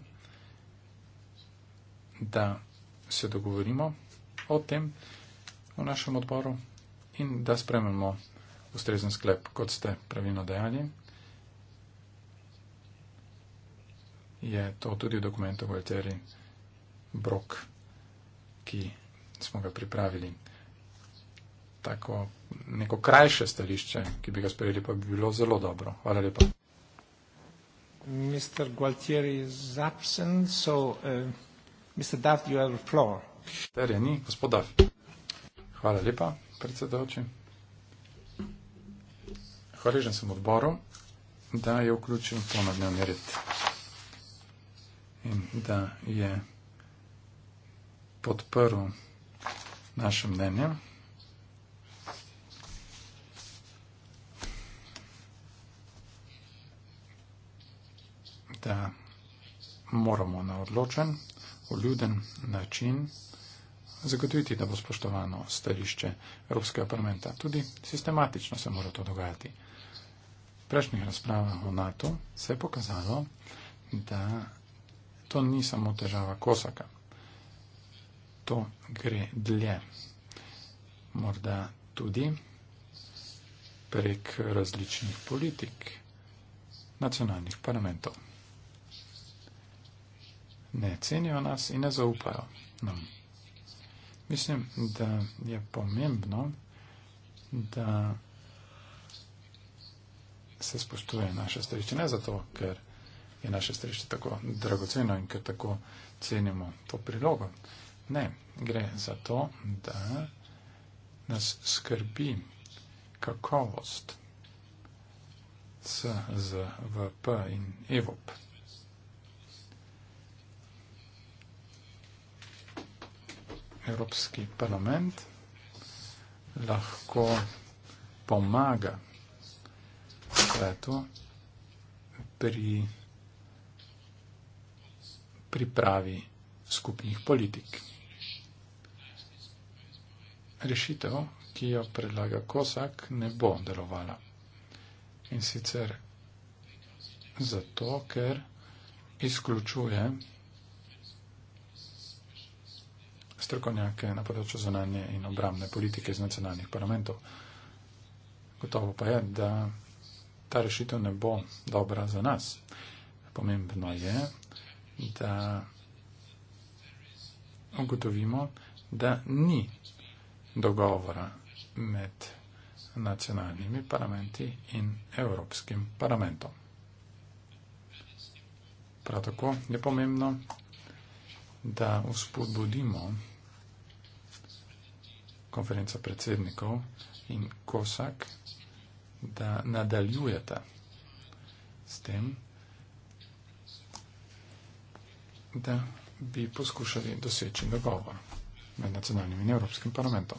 da se dogovorimo o tem v našem odboru in da spremenimo ustrezen sklep, kot ste pravilno dejali. Je to tudi dokument o Volteri Brok, ki smo ga pripravili. Tako neko krajše stališče, ki bi ga sprejeli, pa bi bilo zelo dobro. Hvala lepa. Mr. Gualtieri je absent, so uh, eh, Mr. Duff, you have the floor. Ter je ni, gospod Duff. Hvala lepa, predsedoči. Hvaležen sem odboru, da je vključil to na dnevni red in da je podprl naše mnenje. da moramo na odločen, oljuden način zagotoviti, da bo spoštovano stališče Evropskega parlamenta. Tudi sistematično se mora to dogajati prejšnjih razpravah o NATO se je pokazalo, da to ni samo težava Kosaka. To gre dlje. Morda tudi prek različnih politik nacionalnih parlamentov. Ne cenijo nas in ne zaupajo nam. Mislim, da je pomembno, da se spoštuje naše strešče. Ne zato, ker je naše strešče tako dragoceno in ker tako cenimo to prilogo. Ne, gre za to, da nas skrbi kakovost s, z, v, p in evop. Evropski parlament lahko pomaga svetu pri pripravi skupnih politik. Rešitev, ki jo predlaga Kosak, ne bo delovala. In sicer zato, ker izključuje strokovnjake na področju zonanje in obramne politike iz nacionalnih parlamentov. Gotovo pa je, da ta rešitev ne bo dobra za nas. Pomembno je, da ugotovimo, da ni dogovora med nacionalnimi parlamenti in Evropskim parlamentom. Prav tako je pomembno, da vzpodbudimo konferenco predsednikov in Kosak da nadaljujeta s tem, da bi poskušali doseči dogovor med nacionalnim in evropskim parlamentom.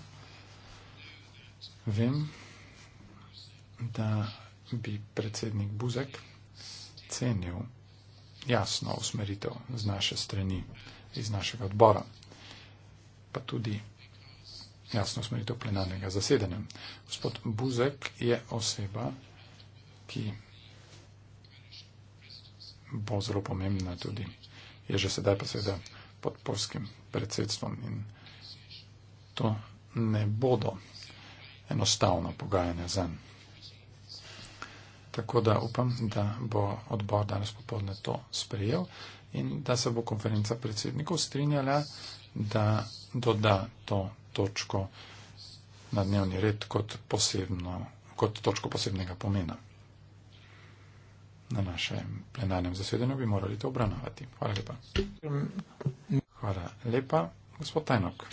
Vem, da bi predsednik Buzek cenil jasno usmeritev z naše strani, iz našega odbora, pa tudi jasno smo imeli to plenarnega zasedanja. Gospod Buzek je oseba, ki bo zelo pomembna tudi. Je že sedaj pa seveda pod polskim predsedstvom in to ne bodo enostavno pogajanja za njim. Tako da upam, da bo odbor danes popolne to sprejel in da se bo konferenca predsednikov strinjala, da doda to točko na dnevni red kot, posebno, kot točko posebnega pomena. Na našem plenarnem zasedanju bi morali to obravnavati. Hvala lepa. Hvala lepa, gospod Tajnok.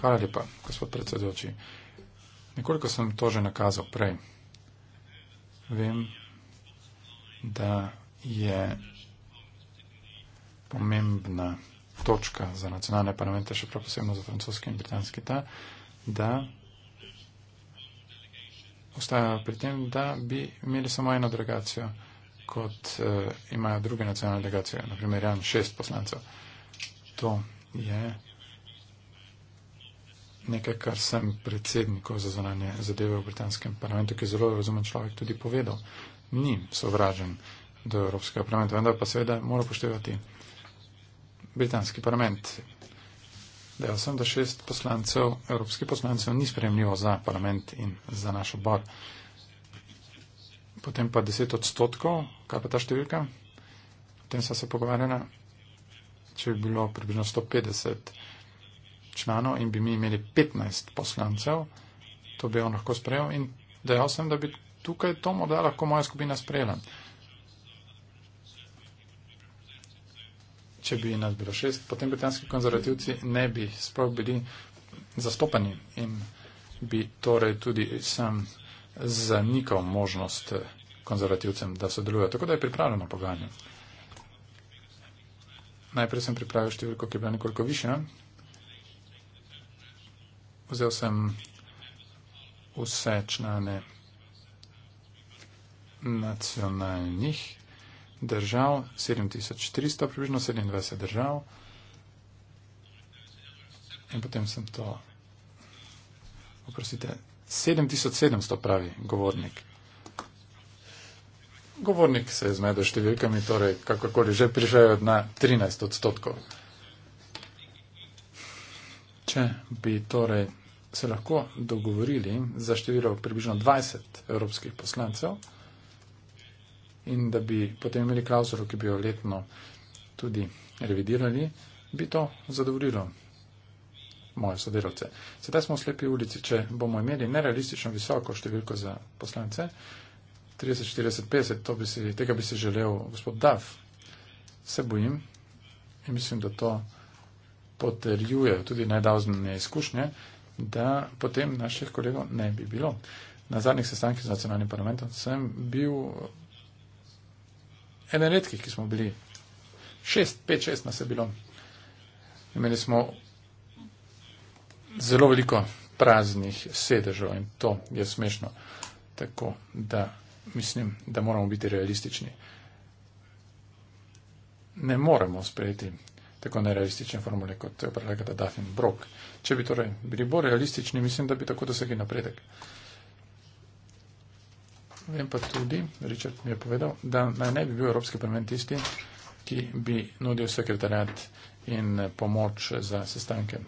Hvala lepa, gospod predsedujoči. Nekoliko sem to že nakazal prej. Vem, da je pomembna točka za nacionalne parlamente, še prav posebno za francoski in britanski, ta, da ostajajo pri tem, da bi imeli samo eno delegacijo, kot uh, imajo druge nacionalne delegacije, naprimer Jan šest poslancev. To je nekaj, kar sem predsedniku za zonanje zadeve v britanskem parlamentu, ki je zelo razumen človek, tudi povedal. Ni sovražen do Evropskega parlamenta, vendar pa seveda mora poštevati britanski parlament. Dejal sem, da šest poslancev, evropskih poslancev, ni spremljivo za parlament in za naš odbor. Potem pa deset odstotkov, kaj pa ta številka? Potem sem se pogovarjala, če bi bilo približno 150 članov in bi mi imeli 15 poslancev, to bi on lahko sprejel in dejal sem, da bi tukaj to morda lahko moja skupina sprejela. če bi nas bilo šest, potem britanski konzervativci ne bi sploh bili zastopani in bi torej tudi sam zanikal možnost konzervativcem, da sodelujejo. Tako da je pripravljeno na pogajanje. Najprej sem pripravil številko, ki je bila nekoliko višja. Vzel sem vse člane nacionalnih držav, 7300, približno 27 držav. In potem sem to, oprostite, 7700 pravi govornik. Govornik se je zmedel številkami, torej kakorkoli že prišel na 13 odstotkov. Če bi torej se lahko dogovorili za število približno 20 evropskih poslancev, in da bi potem imeli klauzulo, ki bi jo letno tudi revidirali, bi to zadovoljilo moje sodelavce. Sedaj smo v slepi ulici, če bomo imeli nerealistično visoko številko za poslance, 30, 40, 50, to bi si, tega bi si želel gospod Dav. Se bojim in mislim, da to potrjuje tudi najdavzne izkušnje, da potem naših kolegov ne bi bilo. Na zadnjih sestankih z nacionalnim parlamentom sem bil ene redkih, ki smo bili. Šest, pet, šest nas je bilo. Imeli smo zelo veliko praznih sedežev in to je smešno. Tako da mislim, da moramo biti realistični. Ne moremo sprejeti tako nerealistične formule, kot jo predlagata Dafin Brok. Če bi torej bili bolj realistični, mislim, da bi tako dosegli napredek. Vem pa tudi, Richard mi je povedal, da naj ne bi bil Evropski parlament tisti, ki bi nudil sekretarjat in eh, pomoč za sestanke.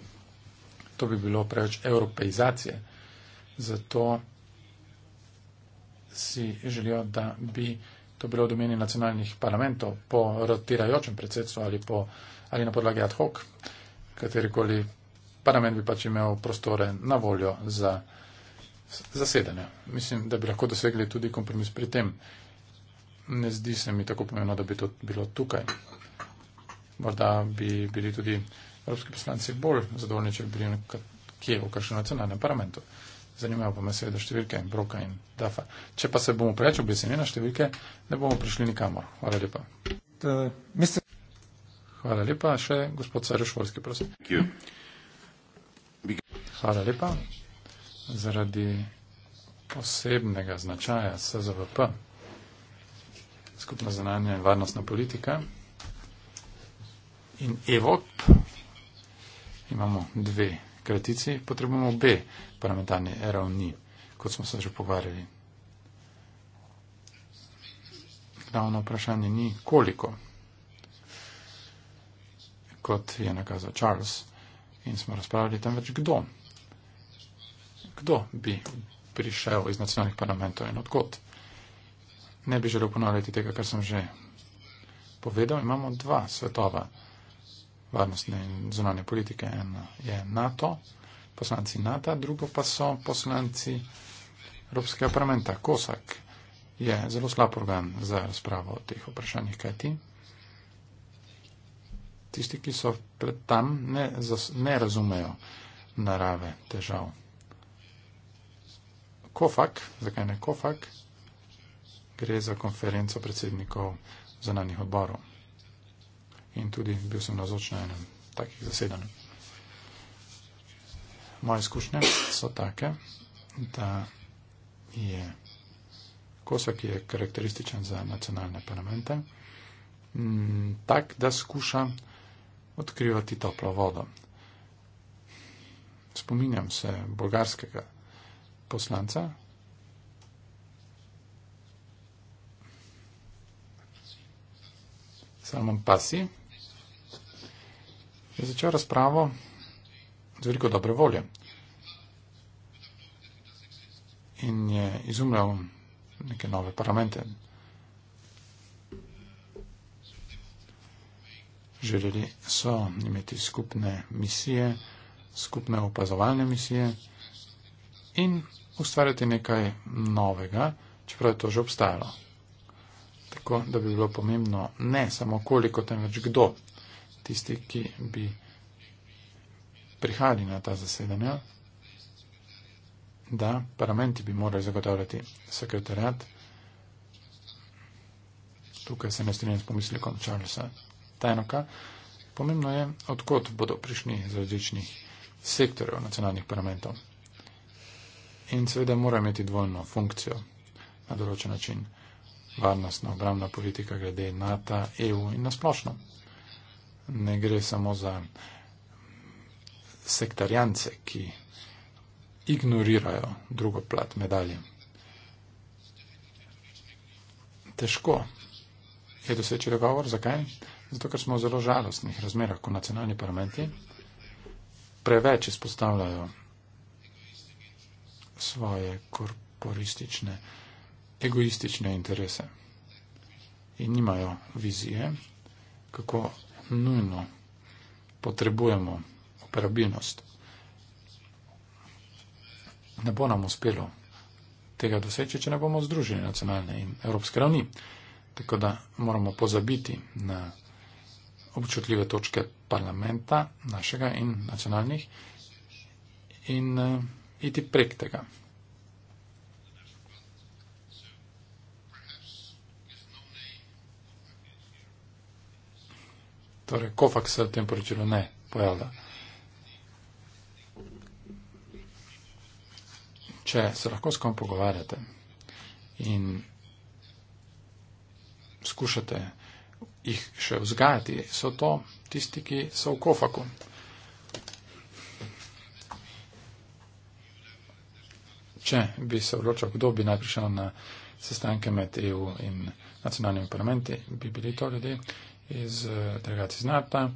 To bi bilo preveč evropeizacije. Zato si želijo, da bi to bilo v domeni nacionalnih parlamentov po rotirajočem predsedstvu ali, po, ali na podlagi ad hoc, katerikoli parlament bi pač imel prostore na voljo za zasedanja. Mislim, da bi lahko dosegli tudi kompromis pri tem. Ne zdi se mi tako pomembno, da bi to bilo tukaj. Morda bi bili tudi evropski poslanci bolj zadovoljni, če bi bili kje v kakšnem nacionalnem parlamentu. Zanimajo pa me seveda številke Broka in Dafa. Če pa se bomo preveč obveseli na številke, ne bomo prišli nikamor. Hvala lepa. The, Mr. Hvala lepa. Še gospod Sarjošvorski, prosim. Hvala lepa zaradi posebnega značaja SZVP, skupna znanja in varnostna politika in EVOP, imamo dve kratici, potrebujemo obe parlamentarne ravni, kot smo se že pogovarjali. Glavno vprašanje ni koliko, kot je nakazal Charles in smo razpravili tam več kdo kdo bi prišel iz nacionalnih parlamentov in odkot. Ne bi želel ponavljati tega, kar sem že povedal. Imamo dva svetova varnostne in zunanje politike. Eno je NATO, poslanci NATO, drugo pa so poslanci Evropskega parlamenta. Kosak je zelo slab organ za razpravo o teh vprašanjih, kaj ti. Tisti, ki so tam, ne, ne razumejo narave težav. COFAC, zakaj ne COFAC, gre za konferenco predsednikov zananih odborov. In tudi bil sem nazoč na enem takih zasedanj. Moje izkušnje so take, da je COFAC, ki je karakterističen za nacionalne parlamente, tak, da skuša odkrivati toplo vodo. Spominjam se bolgarskega poslanca. Salman Pasi je začel razpravo z veliko dobre volje in je izumljal neke nove parlamente. Želeli so imeti skupne misije, skupne opazovalne misije in ustvarjati nekaj novega, čeprav je to že obstajalo. Tako da bi bilo pomembno ne samo koliko, temveč kdo, tisti, ki bi prihajali na ta zasedanja, da parlamenti bi morali zagotavljati sekretarjat. Tukaj se ne strinjam s pomislekom Charlesa Tajnoka. Pomembno je, odkot bodo prišli iz različnih sektorjev nacionalnih parlamentov in seveda mora imeti dvojno funkcijo na določen način. Varnostna obramna politika glede NATO, EU in nasplošno. Ne gre samo za sektarjance, ki ignorirajo drugo plat medalje. Težko je doseči dogovor. Zakaj? Zato, ker smo v zelo žalostnih razmerah, ko nacionalni parlamenti preveč izpostavljajo svoje korporistične, egoistične interese in nimajo vizije, kako nujno potrebujemo uporabilnost. Ne bo nam uspelo tega doseči, če ne bomo združili nacionalne in evropske ravni. Tako da moramo pozabiti na občutljive točke parlamenta našega in nacionalnih in uh, iti prek tega. Torej, kofak se v tem poročilu ne pojavlja. Če se lahko s kom pogovarjate in skušate jih še vzgajati, so to tisti, ki so v kofaku. če bi se odločal, kdo bi naj prišel na sestanke med EU in nacionalnimi parlamenti, bi bili to ljudje iz eh, delegacij z NATO,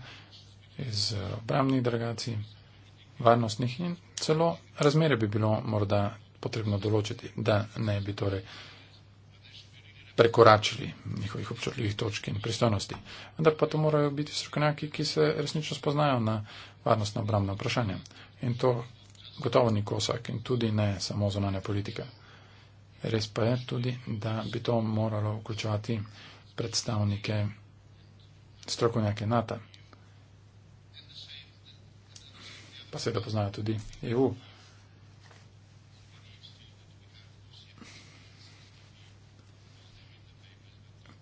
iz eh, obramnih delegacij, varnostnih in celo razmere bi bilo morda potrebno določiti, da ne bi torej prekoračili njihovih občutljivih točk in pristojnosti. Vendar pa to morajo biti strokovnjaki, ki se resnično spoznajo na varnostno obramno vprašanje. In to gotovo ni kosak in tudi ne samo zunanja politika. Res pa je tudi, da bi to moralo vključevati predstavnike strokovnjake NATO. Pa seveda poznajo tudi EU.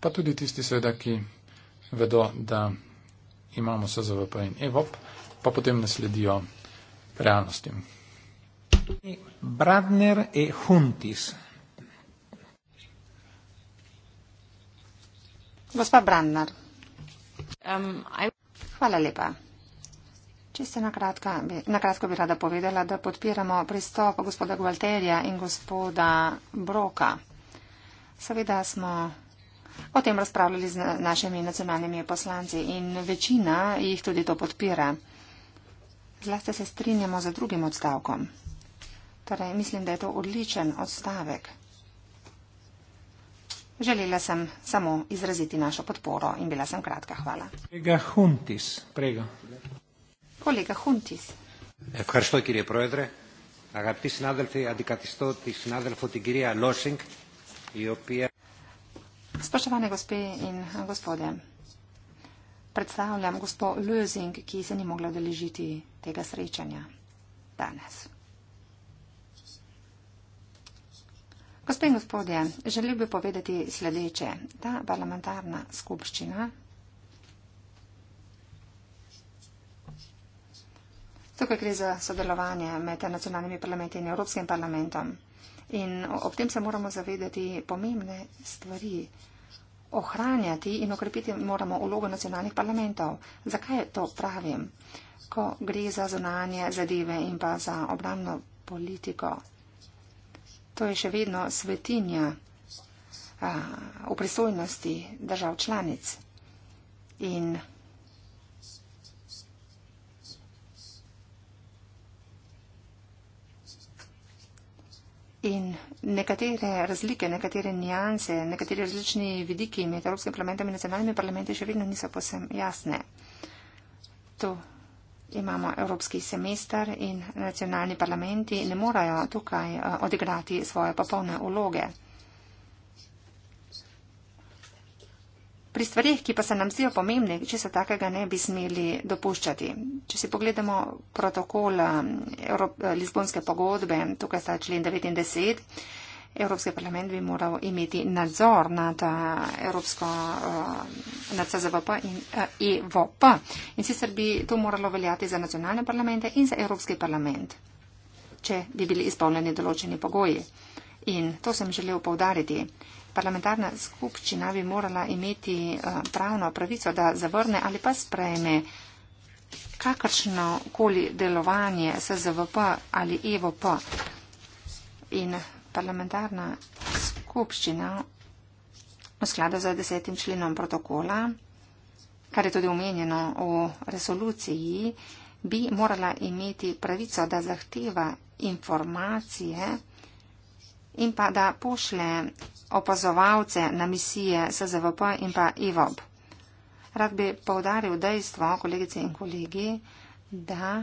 Pa tudi tisti, seveda, ki vedo, da imamo SZVP in EVOP, pa potem ne sledijo realnostim. Bradner e Huntis. Gospa Brandner, um, I... hvala lepa. Če se na kratko bi rada povedala, da podpiramo pristop gospoda Gualterja in gospoda Broka. Seveda smo o tem razpravljali z našimi nacionalnimi poslanci in večina jih tudi to podpira. Zlasti se strinjamo za drugim odstavkom. Torej, mislim, da je to odličen odstavek. Želela sem samo izraziti našo podporo in bila sem kratka. Hvala. Kolega Huntis. Prego. Kolega Huntis. Hvala, kirje projedre. Agati sinadelfi, adikatisto, ti sinadelfo, ti kirja Losing, Jopija. Spoštovane gospe in gospode, predstavljam gospo Lösing, ki se ni mogla deležiti tega srečanja danes. Gospe in gospodje, želel bi povedati sledeče. Ta parlamentarna skupščina Tukaj gre za sodelovanje med nacionalnimi parlamenti in Evropskim parlamentom. In ob tem se moramo zavedati pomembne stvari. Ohranjati in okrepiti moramo ulogo nacionalnih parlamentov. Zakaj to pravim? Ko gre za zunanje zadeve in pa za obramno politiko, to je še vedno svetinja a, v pristojnosti držav članic. In In nekatere razlike, nekatere nijanse, nekateri različni vidiki med Evropskim parlamentom in nacionalnimi parlamenti še vedno niso posem jasne. To imamo evropski semester in nacionalni parlamenti ne morajo tukaj eh, odigrati svoje popolne vloge. Pri stvarih, ki pa se nam zdijo pomembne, če se takega ne bi smeli dopuščati. Če si pogledamo protokol eh, Evrop Lizbonske pogodbe, tukaj sta člen 99, Evropski parlament bi moral imeti nadzor nad eh, Evropsko, eh, nad CZVP in EVP. Eh, e in sicer bi to moralo veljati za nacionalne parlamente in za Evropski parlament, če bi bili izpolnjeni določeni pogoji. In to sem želel povdariti. Parlamentarna skupščina bi morala imeti pravno pravico, da zavrne ali pa sprejme kakršno koli delovanje SZVP ali EVP. In parlamentarna skupščina v skladu z desetim členom protokola, kar je tudi omenjeno v resoluciji, bi morala imeti pravico, da zahteva informacije in pa da pošle opazovalce na misije SZVP in pa EVOP. Rad bi povdaril dejstvo, kolegice in kolegi, da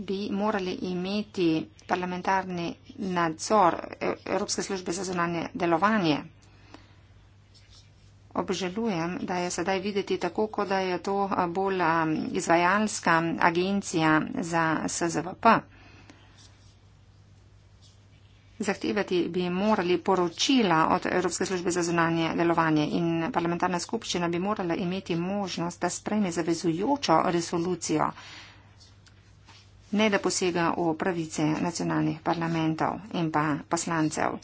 bi morali imeti parlamentarni nadzor Evropske službe za zunanje delovanje. Obžalujem, da je sedaj videti tako, kot da je to bolj izvajalska agencija za SZVP. Zahtevati bi morali poročila od Evropske službe za zunanje delovanje in parlamentarna skupščina bi morala imeti možnost, da sprejme zavezujočo resolucijo ne da posega v pravice nacionalnih parlamentov in pa poslancev.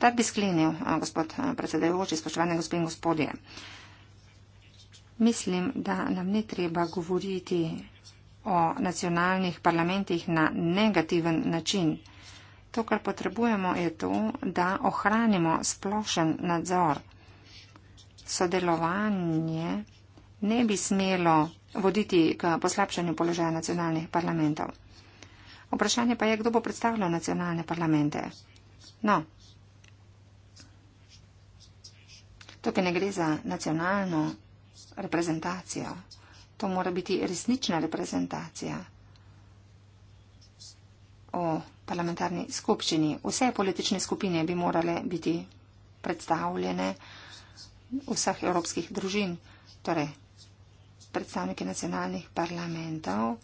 Rad bi sklenil, gospod predsedajoči, spoštovane gospe in gospodje. Mislim, da nam ne treba govoriti o nacionalnih parlamentih na negativen način. To, kar potrebujemo, je to, da ohranimo splošen nadzor. Sodelovanje ne bi smelo voditi k poslabšanju položaja nacionalnih parlamentov. Vprašanje pa je, kdo bo predstavljal nacionalne parlamente. No, tukaj ne gre za nacionalno reprezentacijo. To mora biti resnična reprezentacija o parlamentarni skupščini. Vse politične skupine bi morale biti predstavljene vseh evropskih družin, torej predstavniki nacionalnih parlamentov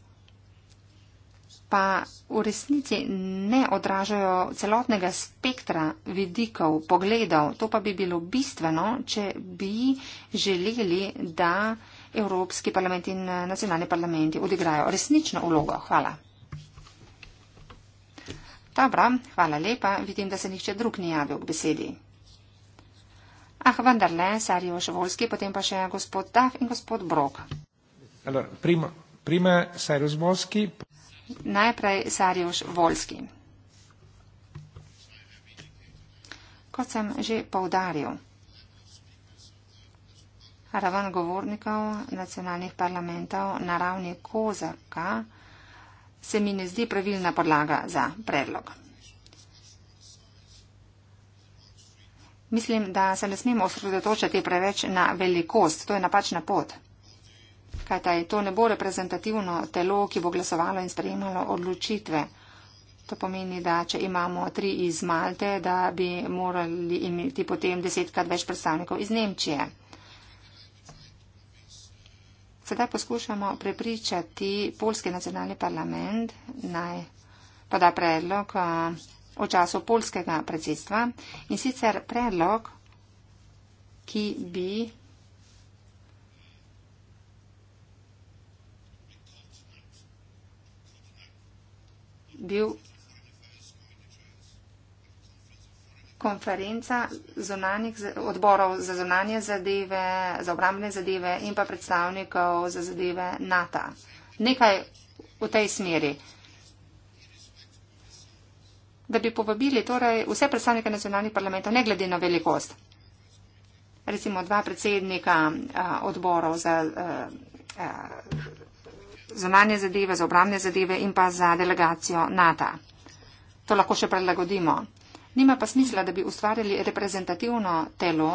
pa v resnici ne odražajo celotnega spektra vidikov, pogledov. To pa bi bilo bistveno, če bi želeli, da Evropski parlament in eh, nacionalni parlamenti odigrajo resnično vlogo. Hvala. Dobro, hvala lepa. Vidim, da se nihče drug ni javil k besedi. Ah, vendarle, Sarijo Ševolski, potem pa še gospod Taf in gospod Brok. Prima, prima Sarijo Ševolski. Najprej Sarjuš Volski. Kot sem že povdaril, raven govornikov nacionalnih parlamentov na ravni Kozaka se mi ne zdi pravilna podlaga za predlog. Mislim, da se ne smemo osredotočiti preveč na velikost. To je napačna pot kaj taj, to ne bo reprezentativno telo, ki bo glasovalo in sprejemalo odločitve. To pomeni, da če imamo tri iz Malte, da bi morali imeti potem desetkrat več predstavnikov iz Nemčije. Sedaj poskušamo prepričati Polski nacionalni parlament naj poda predlog o eh, času polskega predsedstva in sicer predlog, ki bi bil konferenca zonanih, odborov za zonanje zadeve, za obrambne zadeve in pa predstavnikov za zadeve NATO. Nekaj v tej smeri. Da bi povabili torej vse predstavnike nacionalnih parlamentov, ne glede na velikost. Recimo dva predsednika a, eh, odborov za. A, eh, a, eh, zunanje zadeve, za obramne zadeve in pa za delegacijo NATO. To lahko še prelagodimo. Nima pa smisla, da bi ustvarjali reprezentativno telo,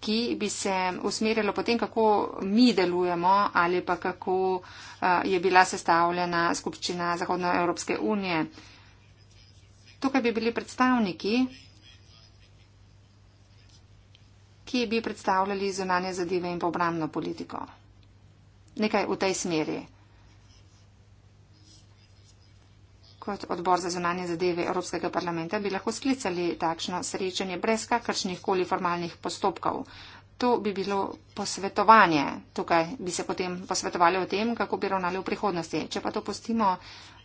ki bi se usmerjalo potem, kako mi delujemo ali pa kako eh, je bila sestavljena skupščina Zahodnoevropske unije. Tukaj bi bili predstavniki, ki bi predstavljali zunanje zadeve in pa obramno politiko. Nekaj v tej smeri. kot odbor za zunanje zadeve Evropskega parlamenta bi lahko sklicali takšno srečanje brez kakršnih koli formalnih postopkov. To bi bilo posvetovanje. Tukaj bi se potem posvetovali o tem, kako bi ravnali v prihodnosti. Če pa to pustimo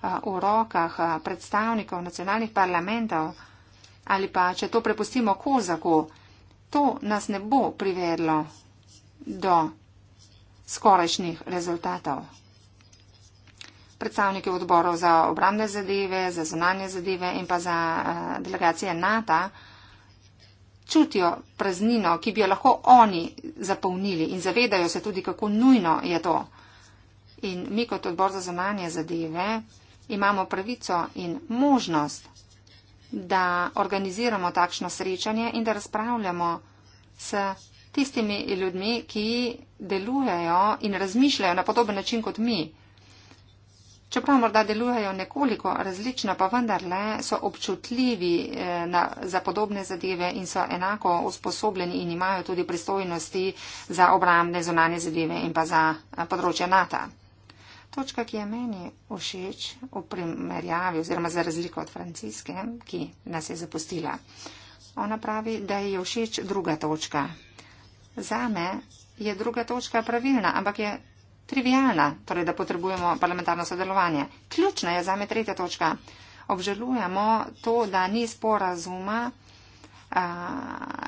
v rokah predstavnikov nacionalnih parlamentov ali pa če to prepustimo Kozaku, to nas ne bo privedlo do skorajšnjih rezultatov predstavniki odborov za obramne zadeve, za zunanje zadeve in pa za eh, delegacije NATO čutijo praznino, ki bi jo lahko oni zapolnili in zavedajo se tudi, kako nujno je to. In mi kot odbor za zunanje zadeve imamo pravico in možnost, da organiziramo takšno srečanje in da razpravljamo s tistimi ljudmi, ki delujejo in razmišljajo na podoben način kot mi čeprav morda delujejo nekoliko različno, pa vendarle so občutljivi eh, na, za podobne zadeve in so enako usposobljeni in imajo tudi pristojnosti za obramne zunanje zadeve in pa za eh, področje NATO. Točka, ki je meni všeč v primerjavi oziroma za razliko od Franciske, ki nas je zapustila. Ona pravi, da ji je všeč druga točka. Zame je druga točka pravilna, ampak je trivijalna, torej da potrebujemo parlamentarno sodelovanje. Ključna je zame tretja točka. Obžalujemo to, da ni sporazuma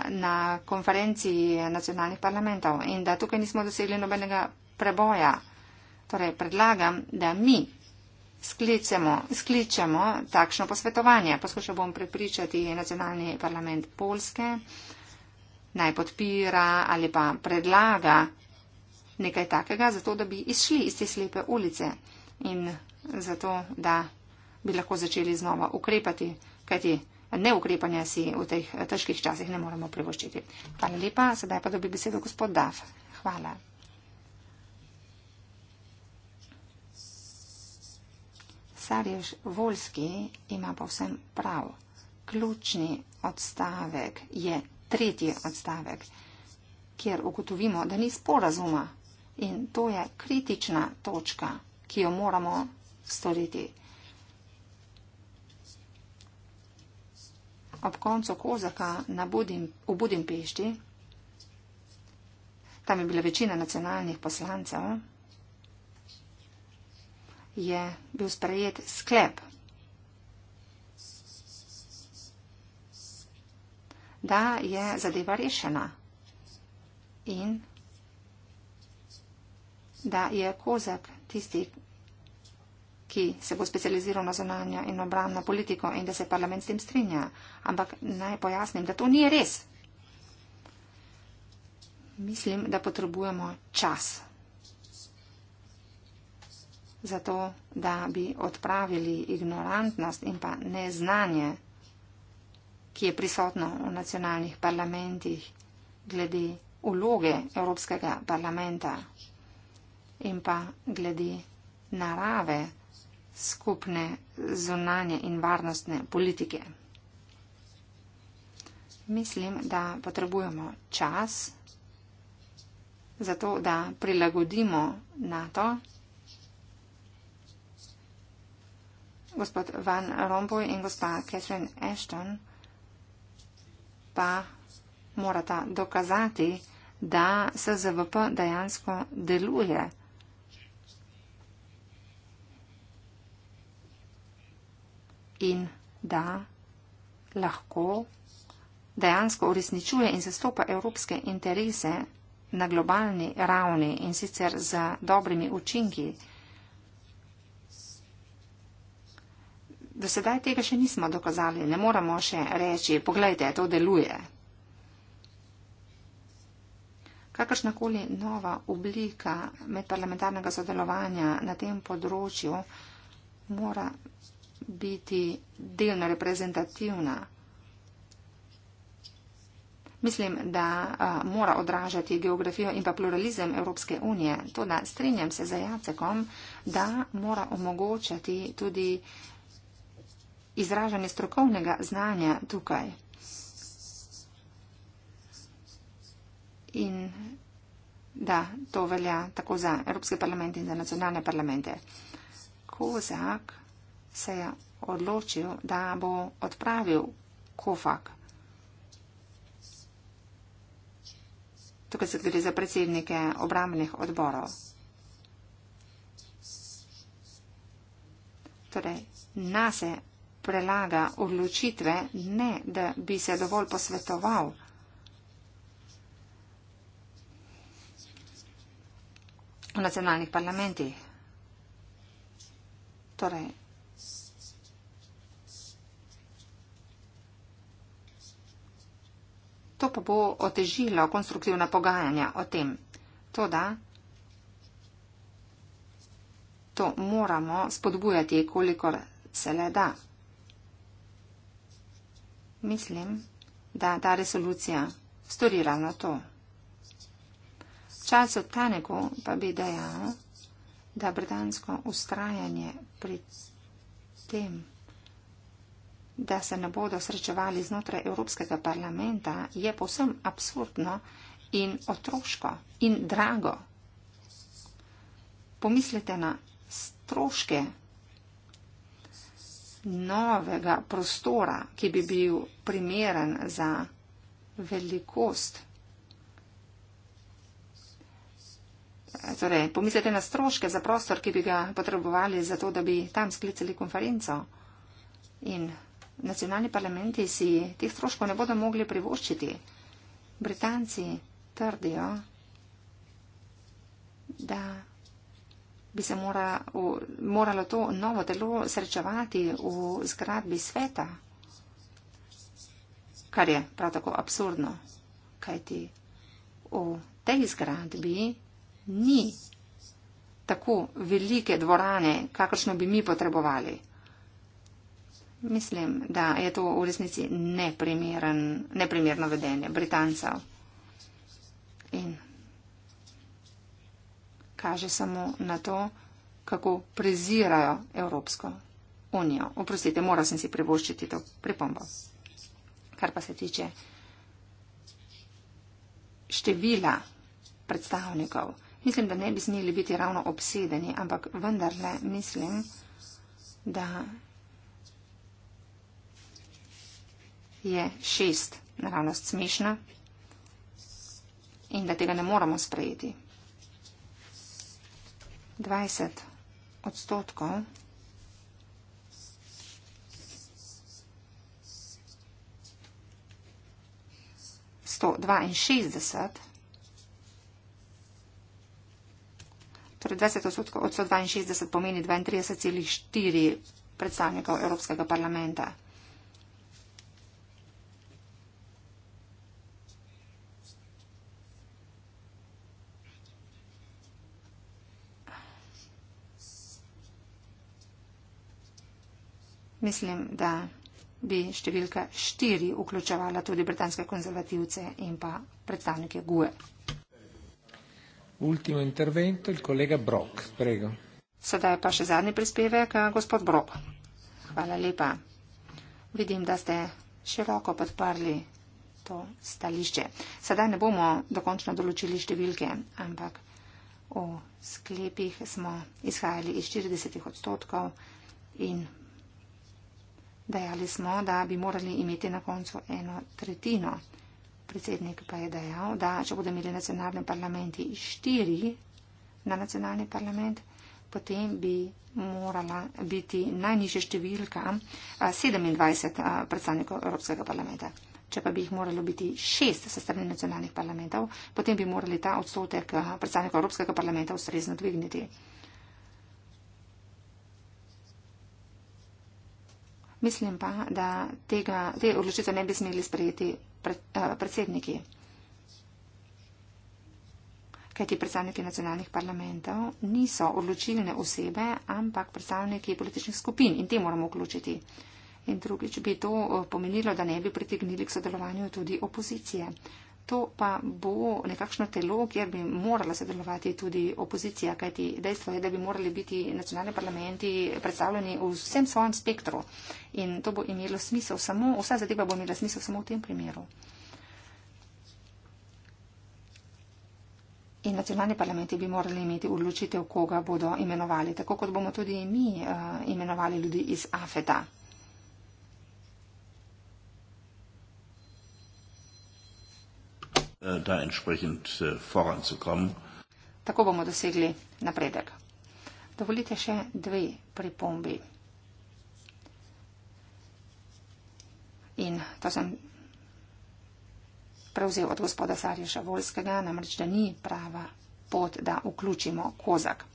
na konferenci nacionalnih parlamentov in da tukaj nismo dosegli nobenega preboja. Torej predlagam, da mi skličemo, skličemo takšno posvetovanje. Poskušal bom prepričati nacionalni parlament Polske, naj podpira ali pa predlaga nekaj takega, zato da bi izšli iz te slepe ulice in zato da bi lahko začeli znova ukrepati, kajti neukrepanja si v teh težkih časih ne moremo privoščiti. Hvala lepa, sedaj pa dobi besedo gospod Daf. Hvala. Sarjež Volski ima povsem prav. Ključni odstavek je tretji odstavek, kjer ugotovimo, da ni sporazuma In to je kritična točka, ki jo moramo storiti. Ob koncu Kozaka na Budim, v Budimpešti, tam je bila večina nacionalnih poslancev, je bil sprejet sklep, da je zadeva rešena in da je Kozep tisti, ki se bo specializiral na zonanje in obramno politiko in da se parlament s tem strinja. Ampak naj pojasnim, da to ni res. Mislim, da potrebujemo čas za to, da bi odpravili ignorantnost in pa neznanje, ki je prisotno v nacionalnih parlamentih glede uloge Evropskega parlamenta in pa glede narave skupne zunanje in varnostne politike. Mislim, da potrebujemo čas za to, da prilagodimo NATO. Gospod Van Rompuy in gospa Catherine Ashton pa morata dokazati, da se ZVP dejansko deluje in da lahko dejansko uresničuje in zastopa evropske interese na globalni ravni in sicer z dobrimi učinki. Do sedaj tega še nismo dokazali, ne moramo še reči, poglejte, to deluje. Kakršnakoli nova oblika medparlamentarnega sodelovanja na tem področju mora biti delno reprezentativna. Mislim, da a, mora odražati geografijo in pa pluralizem Evropske unije. Toda strinjam se z Jacekom, da mora omogočati tudi izražanje strokovnega znanja tukaj. In da to velja tako za Evropski parlament in za nacionalne parlamente. Kozak se je odločil, da bo odpravil kofak. Tukaj se gre za predsednike obramnih odborov. Torej, nase prelaga odločitve, ne da bi se dovolj posvetoval. v nacionalnih parlamentih. Torej, To pa bo otežilo konstruktivna pogajanja o tem. Toda to moramo spodbujati, kolikor se le da. Mislim, da ta resolucija stori ravno to. Čas od Tanego pa bi dejal, da britansko ustrajanje pri tem da se ne bodo srečevali znotraj Evropskega parlamenta, je povsem absurdno in otroško in drago. Pomislite na stroške novega prostora, ki bi bil primeren za velikost. Torej, pomislite na stroške za prostor, ki bi ga potrebovali za to, da bi tam sklicali konferenco. In nacionalni parlamenti si teh stroškov ne bodo mogli privoščiti. Britanci trdijo, da bi se mora, v, moralo to novo telo srečevati v zgradbi sveta, kar je prav tako absurdno, kajti v tej zgradbi ni tako velike dvorane, kakršno bi mi potrebovali. Mislim, da je to v resnici neprimeren, neprimerno vedenje Britancev. In kaže samo na to, kako prezirajo Evropsko unijo. Oprostite, moral sem si privoščiti to pripombo. Kar pa se tiče števila predstavnikov, mislim, da ne bi smeli biti ravno obsedeni, ampak vendarle mislim, da je šest naravnost smešna in da tega ne moramo sprejeti. 20 odstotkov sto dva in šestdeset Torej 20 odstotkov od 162 pomeni 32,4 predstavnikov Evropskega parlamenta. mislim, da bi številka štiri vključevala tudi britanske konzervativce in pa predstavnike GUE. Ultimo intervento, kolega Brok, prego. Sedaj pa še zadnji prispevek, eh, gospod Brok. Hvala lepa. Vidim, da ste široko podprli to stališče. Sedaj ne bomo dokončno določili številke, ampak v sklepih smo izhajali iz 40 odstotkov in Dejali smo, da bi morali imeti na koncu eno tretjino. Predsednik pa je dejal, da če bodo imeli nacionalni parlamenti štiri na nacionalni parlament, potem bi morala biti najnižja številka 27 predstavnikov Evropskega parlamenta. Če pa bi jih moralo biti šest sestavni nacionalnih parlamentov, potem bi morali ta odstotek predstavnikov Evropskega parlamenta ustrezno dvigniti. Mislim pa, da tega, te odločitve ne bi smeli sprejeti eh, predsedniki. Kajti predstavniki nacionalnih parlamentov niso odločilne osebe, ampak predstavniki političnih skupin in te moramo vključiti. In drugič bi to eh, pomenilo, da ne bi pritegnili k sodelovanju tudi opozicije to pa bo nekakšno telo, kjer bi morala sodelovati tudi opozicija, kajti dejstvo je, da bi morali biti nacionalni parlamenti predstavljeni v vsem svojem spektru in to bo imelo smisel samo, vsa zadeva bo imela smisel samo v tem primeru. In nacionalni parlamenti bi morali imeti odločitev, koga bodo imenovali, tako kot bomo tudi mi uh, imenovali ljudi iz AFEDA. Äh, da entsprechend äh, voranzukommen. Tako bomo dosegli napredek. Dovolite še dve pripombi. In to sem prevzel od gospoda Sarjaša Volskega, namreč, da ni prava pot, da vključimo kozak.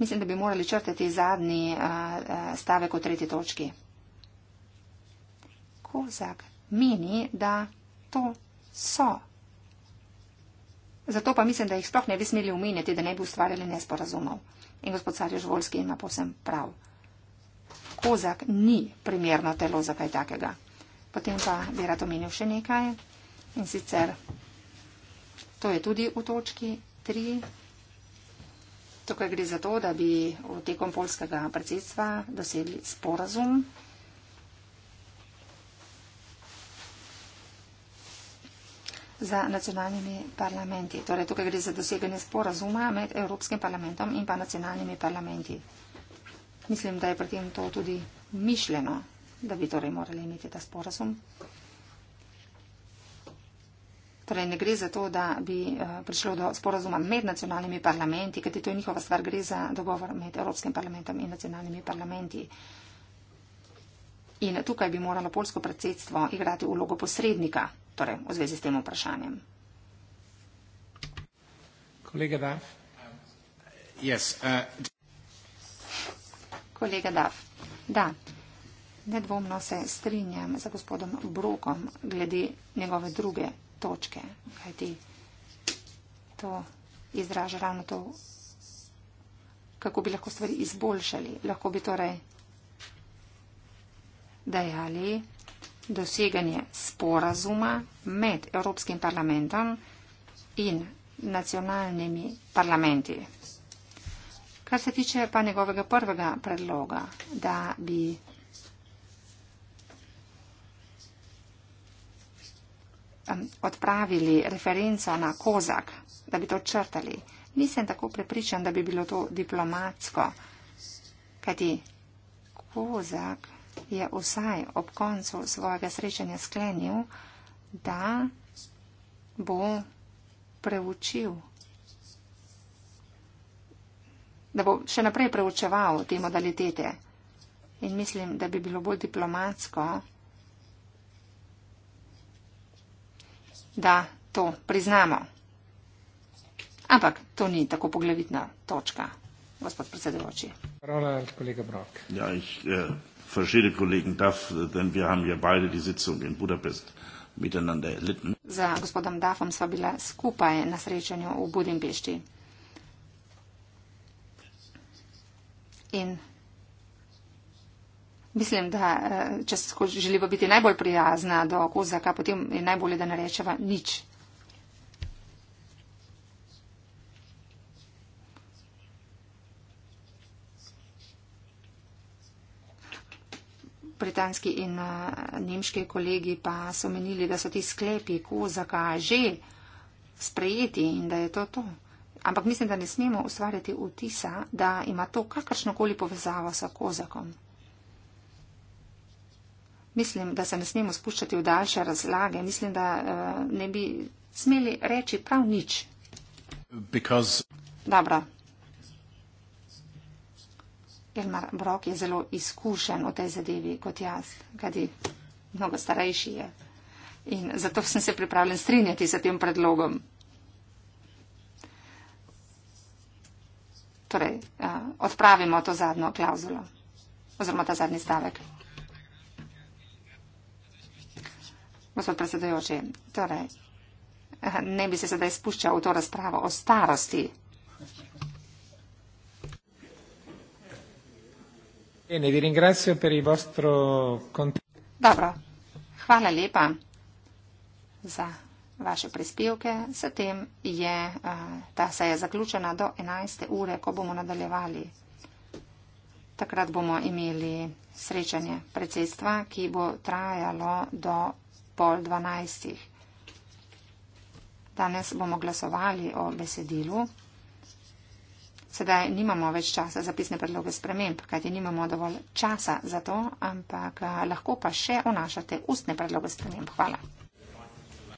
Mislim, da bi morali črtati zadnji äh, stavek v tretji točki kozak meni, da to so. Zato pa mislim, da jih sploh ne bi smeli umeniti, da ne bi ustvarjali nesporazumov. In gospod Sarjež Volski ima posem prav. Kozak ni primerno telo za kaj takega. Potem pa bi rad omenil še nekaj. In sicer to je tudi v točki 3. Tukaj gre za to, da bi v tekom polskega predsedstva dosegli sporazum za nacionalnimi parlamenti. Torej, tukaj gre za doseganje sporazuma med Evropskim parlamentom in pa nacionalnimi parlamenti. Mislim, da je pri tem to tudi mišljeno, da bi torej morali imeti ta sporazum. Torej, ne gre za to, da bi eh, prišlo do sporazuma med nacionalnimi parlamenti, kajti to je njihova stvar, gre za dogovor med Evropskim parlamentom in nacionalnimi parlamenti. In tukaj bi moralo polsko predsedstvo igrati vlogo posrednika torej v zvezi s tem vprašanjem. Kolega Daf. Um, yes, uh... Kolega Daf. Da, nedvomno se strinjam za gospodom Brokom glede njegove druge točke, kajti to izraža ravno to, kako bi lahko stvari izboljšali. Lahko bi torej dejali, doseganje sporazuma med Evropskim parlamentom in nacionalnimi parlamenti. Kar se tiče pa njegovega prvega predloga, da bi odpravili referenco na kozak, da bi to črtali. Nisem tako prepričan, da bi bilo to diplomatsko, kajti kozak je vsaj ob koncu svojega srečanja sklenil, da bo preučil, da bo še naprej preučeval te modalitete. In mislim, da bi bilo bolj diplomatsko, da to priznamo. Ampak to ni tako poglavitna točka, gospod predsedujoči. Hvala, kolega Brok. Ja, ich, uh... Eh, verstehe den Kollegen Duff, denn wir haben ja beide die Sitzung in Budapest miteinander erlitten. Za gospodom Duffom sva bila skupaj na srečanju v Budimpešti. In mislim, da eh, če želiva biti najbolj prijazna do Kozaka, potem je najbolje, da ne rečeva nič. britanski in eh, nemški kolegi pa so menili, da so ti sklepi Kozaka že sprejeti in da je to to. Ampak mislim, da ne smemo ustvarjati vtisa, da ima to kakršnokoli povezavo s Kozakom. Mislim, da se ne smemo spuščati v daljše razlage. Mislim, da eh, ne bi smeli reči prav nič. Because... Dobro. Elmar Brok je zelo izkušen v tej zadevi kot jaz, kajti mnogo starejši je. In zato sem se pripravljen strinjati s tem predlogom. Torej, odpravimo to zadnjo klauzulo oziroma ta zadnji stavek. Gospod predsedujoči, torej, ne bi se sedaj spuščal v to razpravo o starosti Bene, vi ringrazio per il vostro contributo. Dobro, hvala lepa za vaše prispevke. S tem je uh, ta seja zaključena do 11. ure, ko bomo nadaljevali. Takrat bomo imeli srečanje predsedstva, ki bo trajalo do pol dvanajstih. Danes bomo glasovali o besedilu sedaj nimamo več časa za pisne predloge sprememb, kajti nimamo dovolj časa za to, ampak eh, lahko pa še vnašate ustne predloge sprememb. Hvala.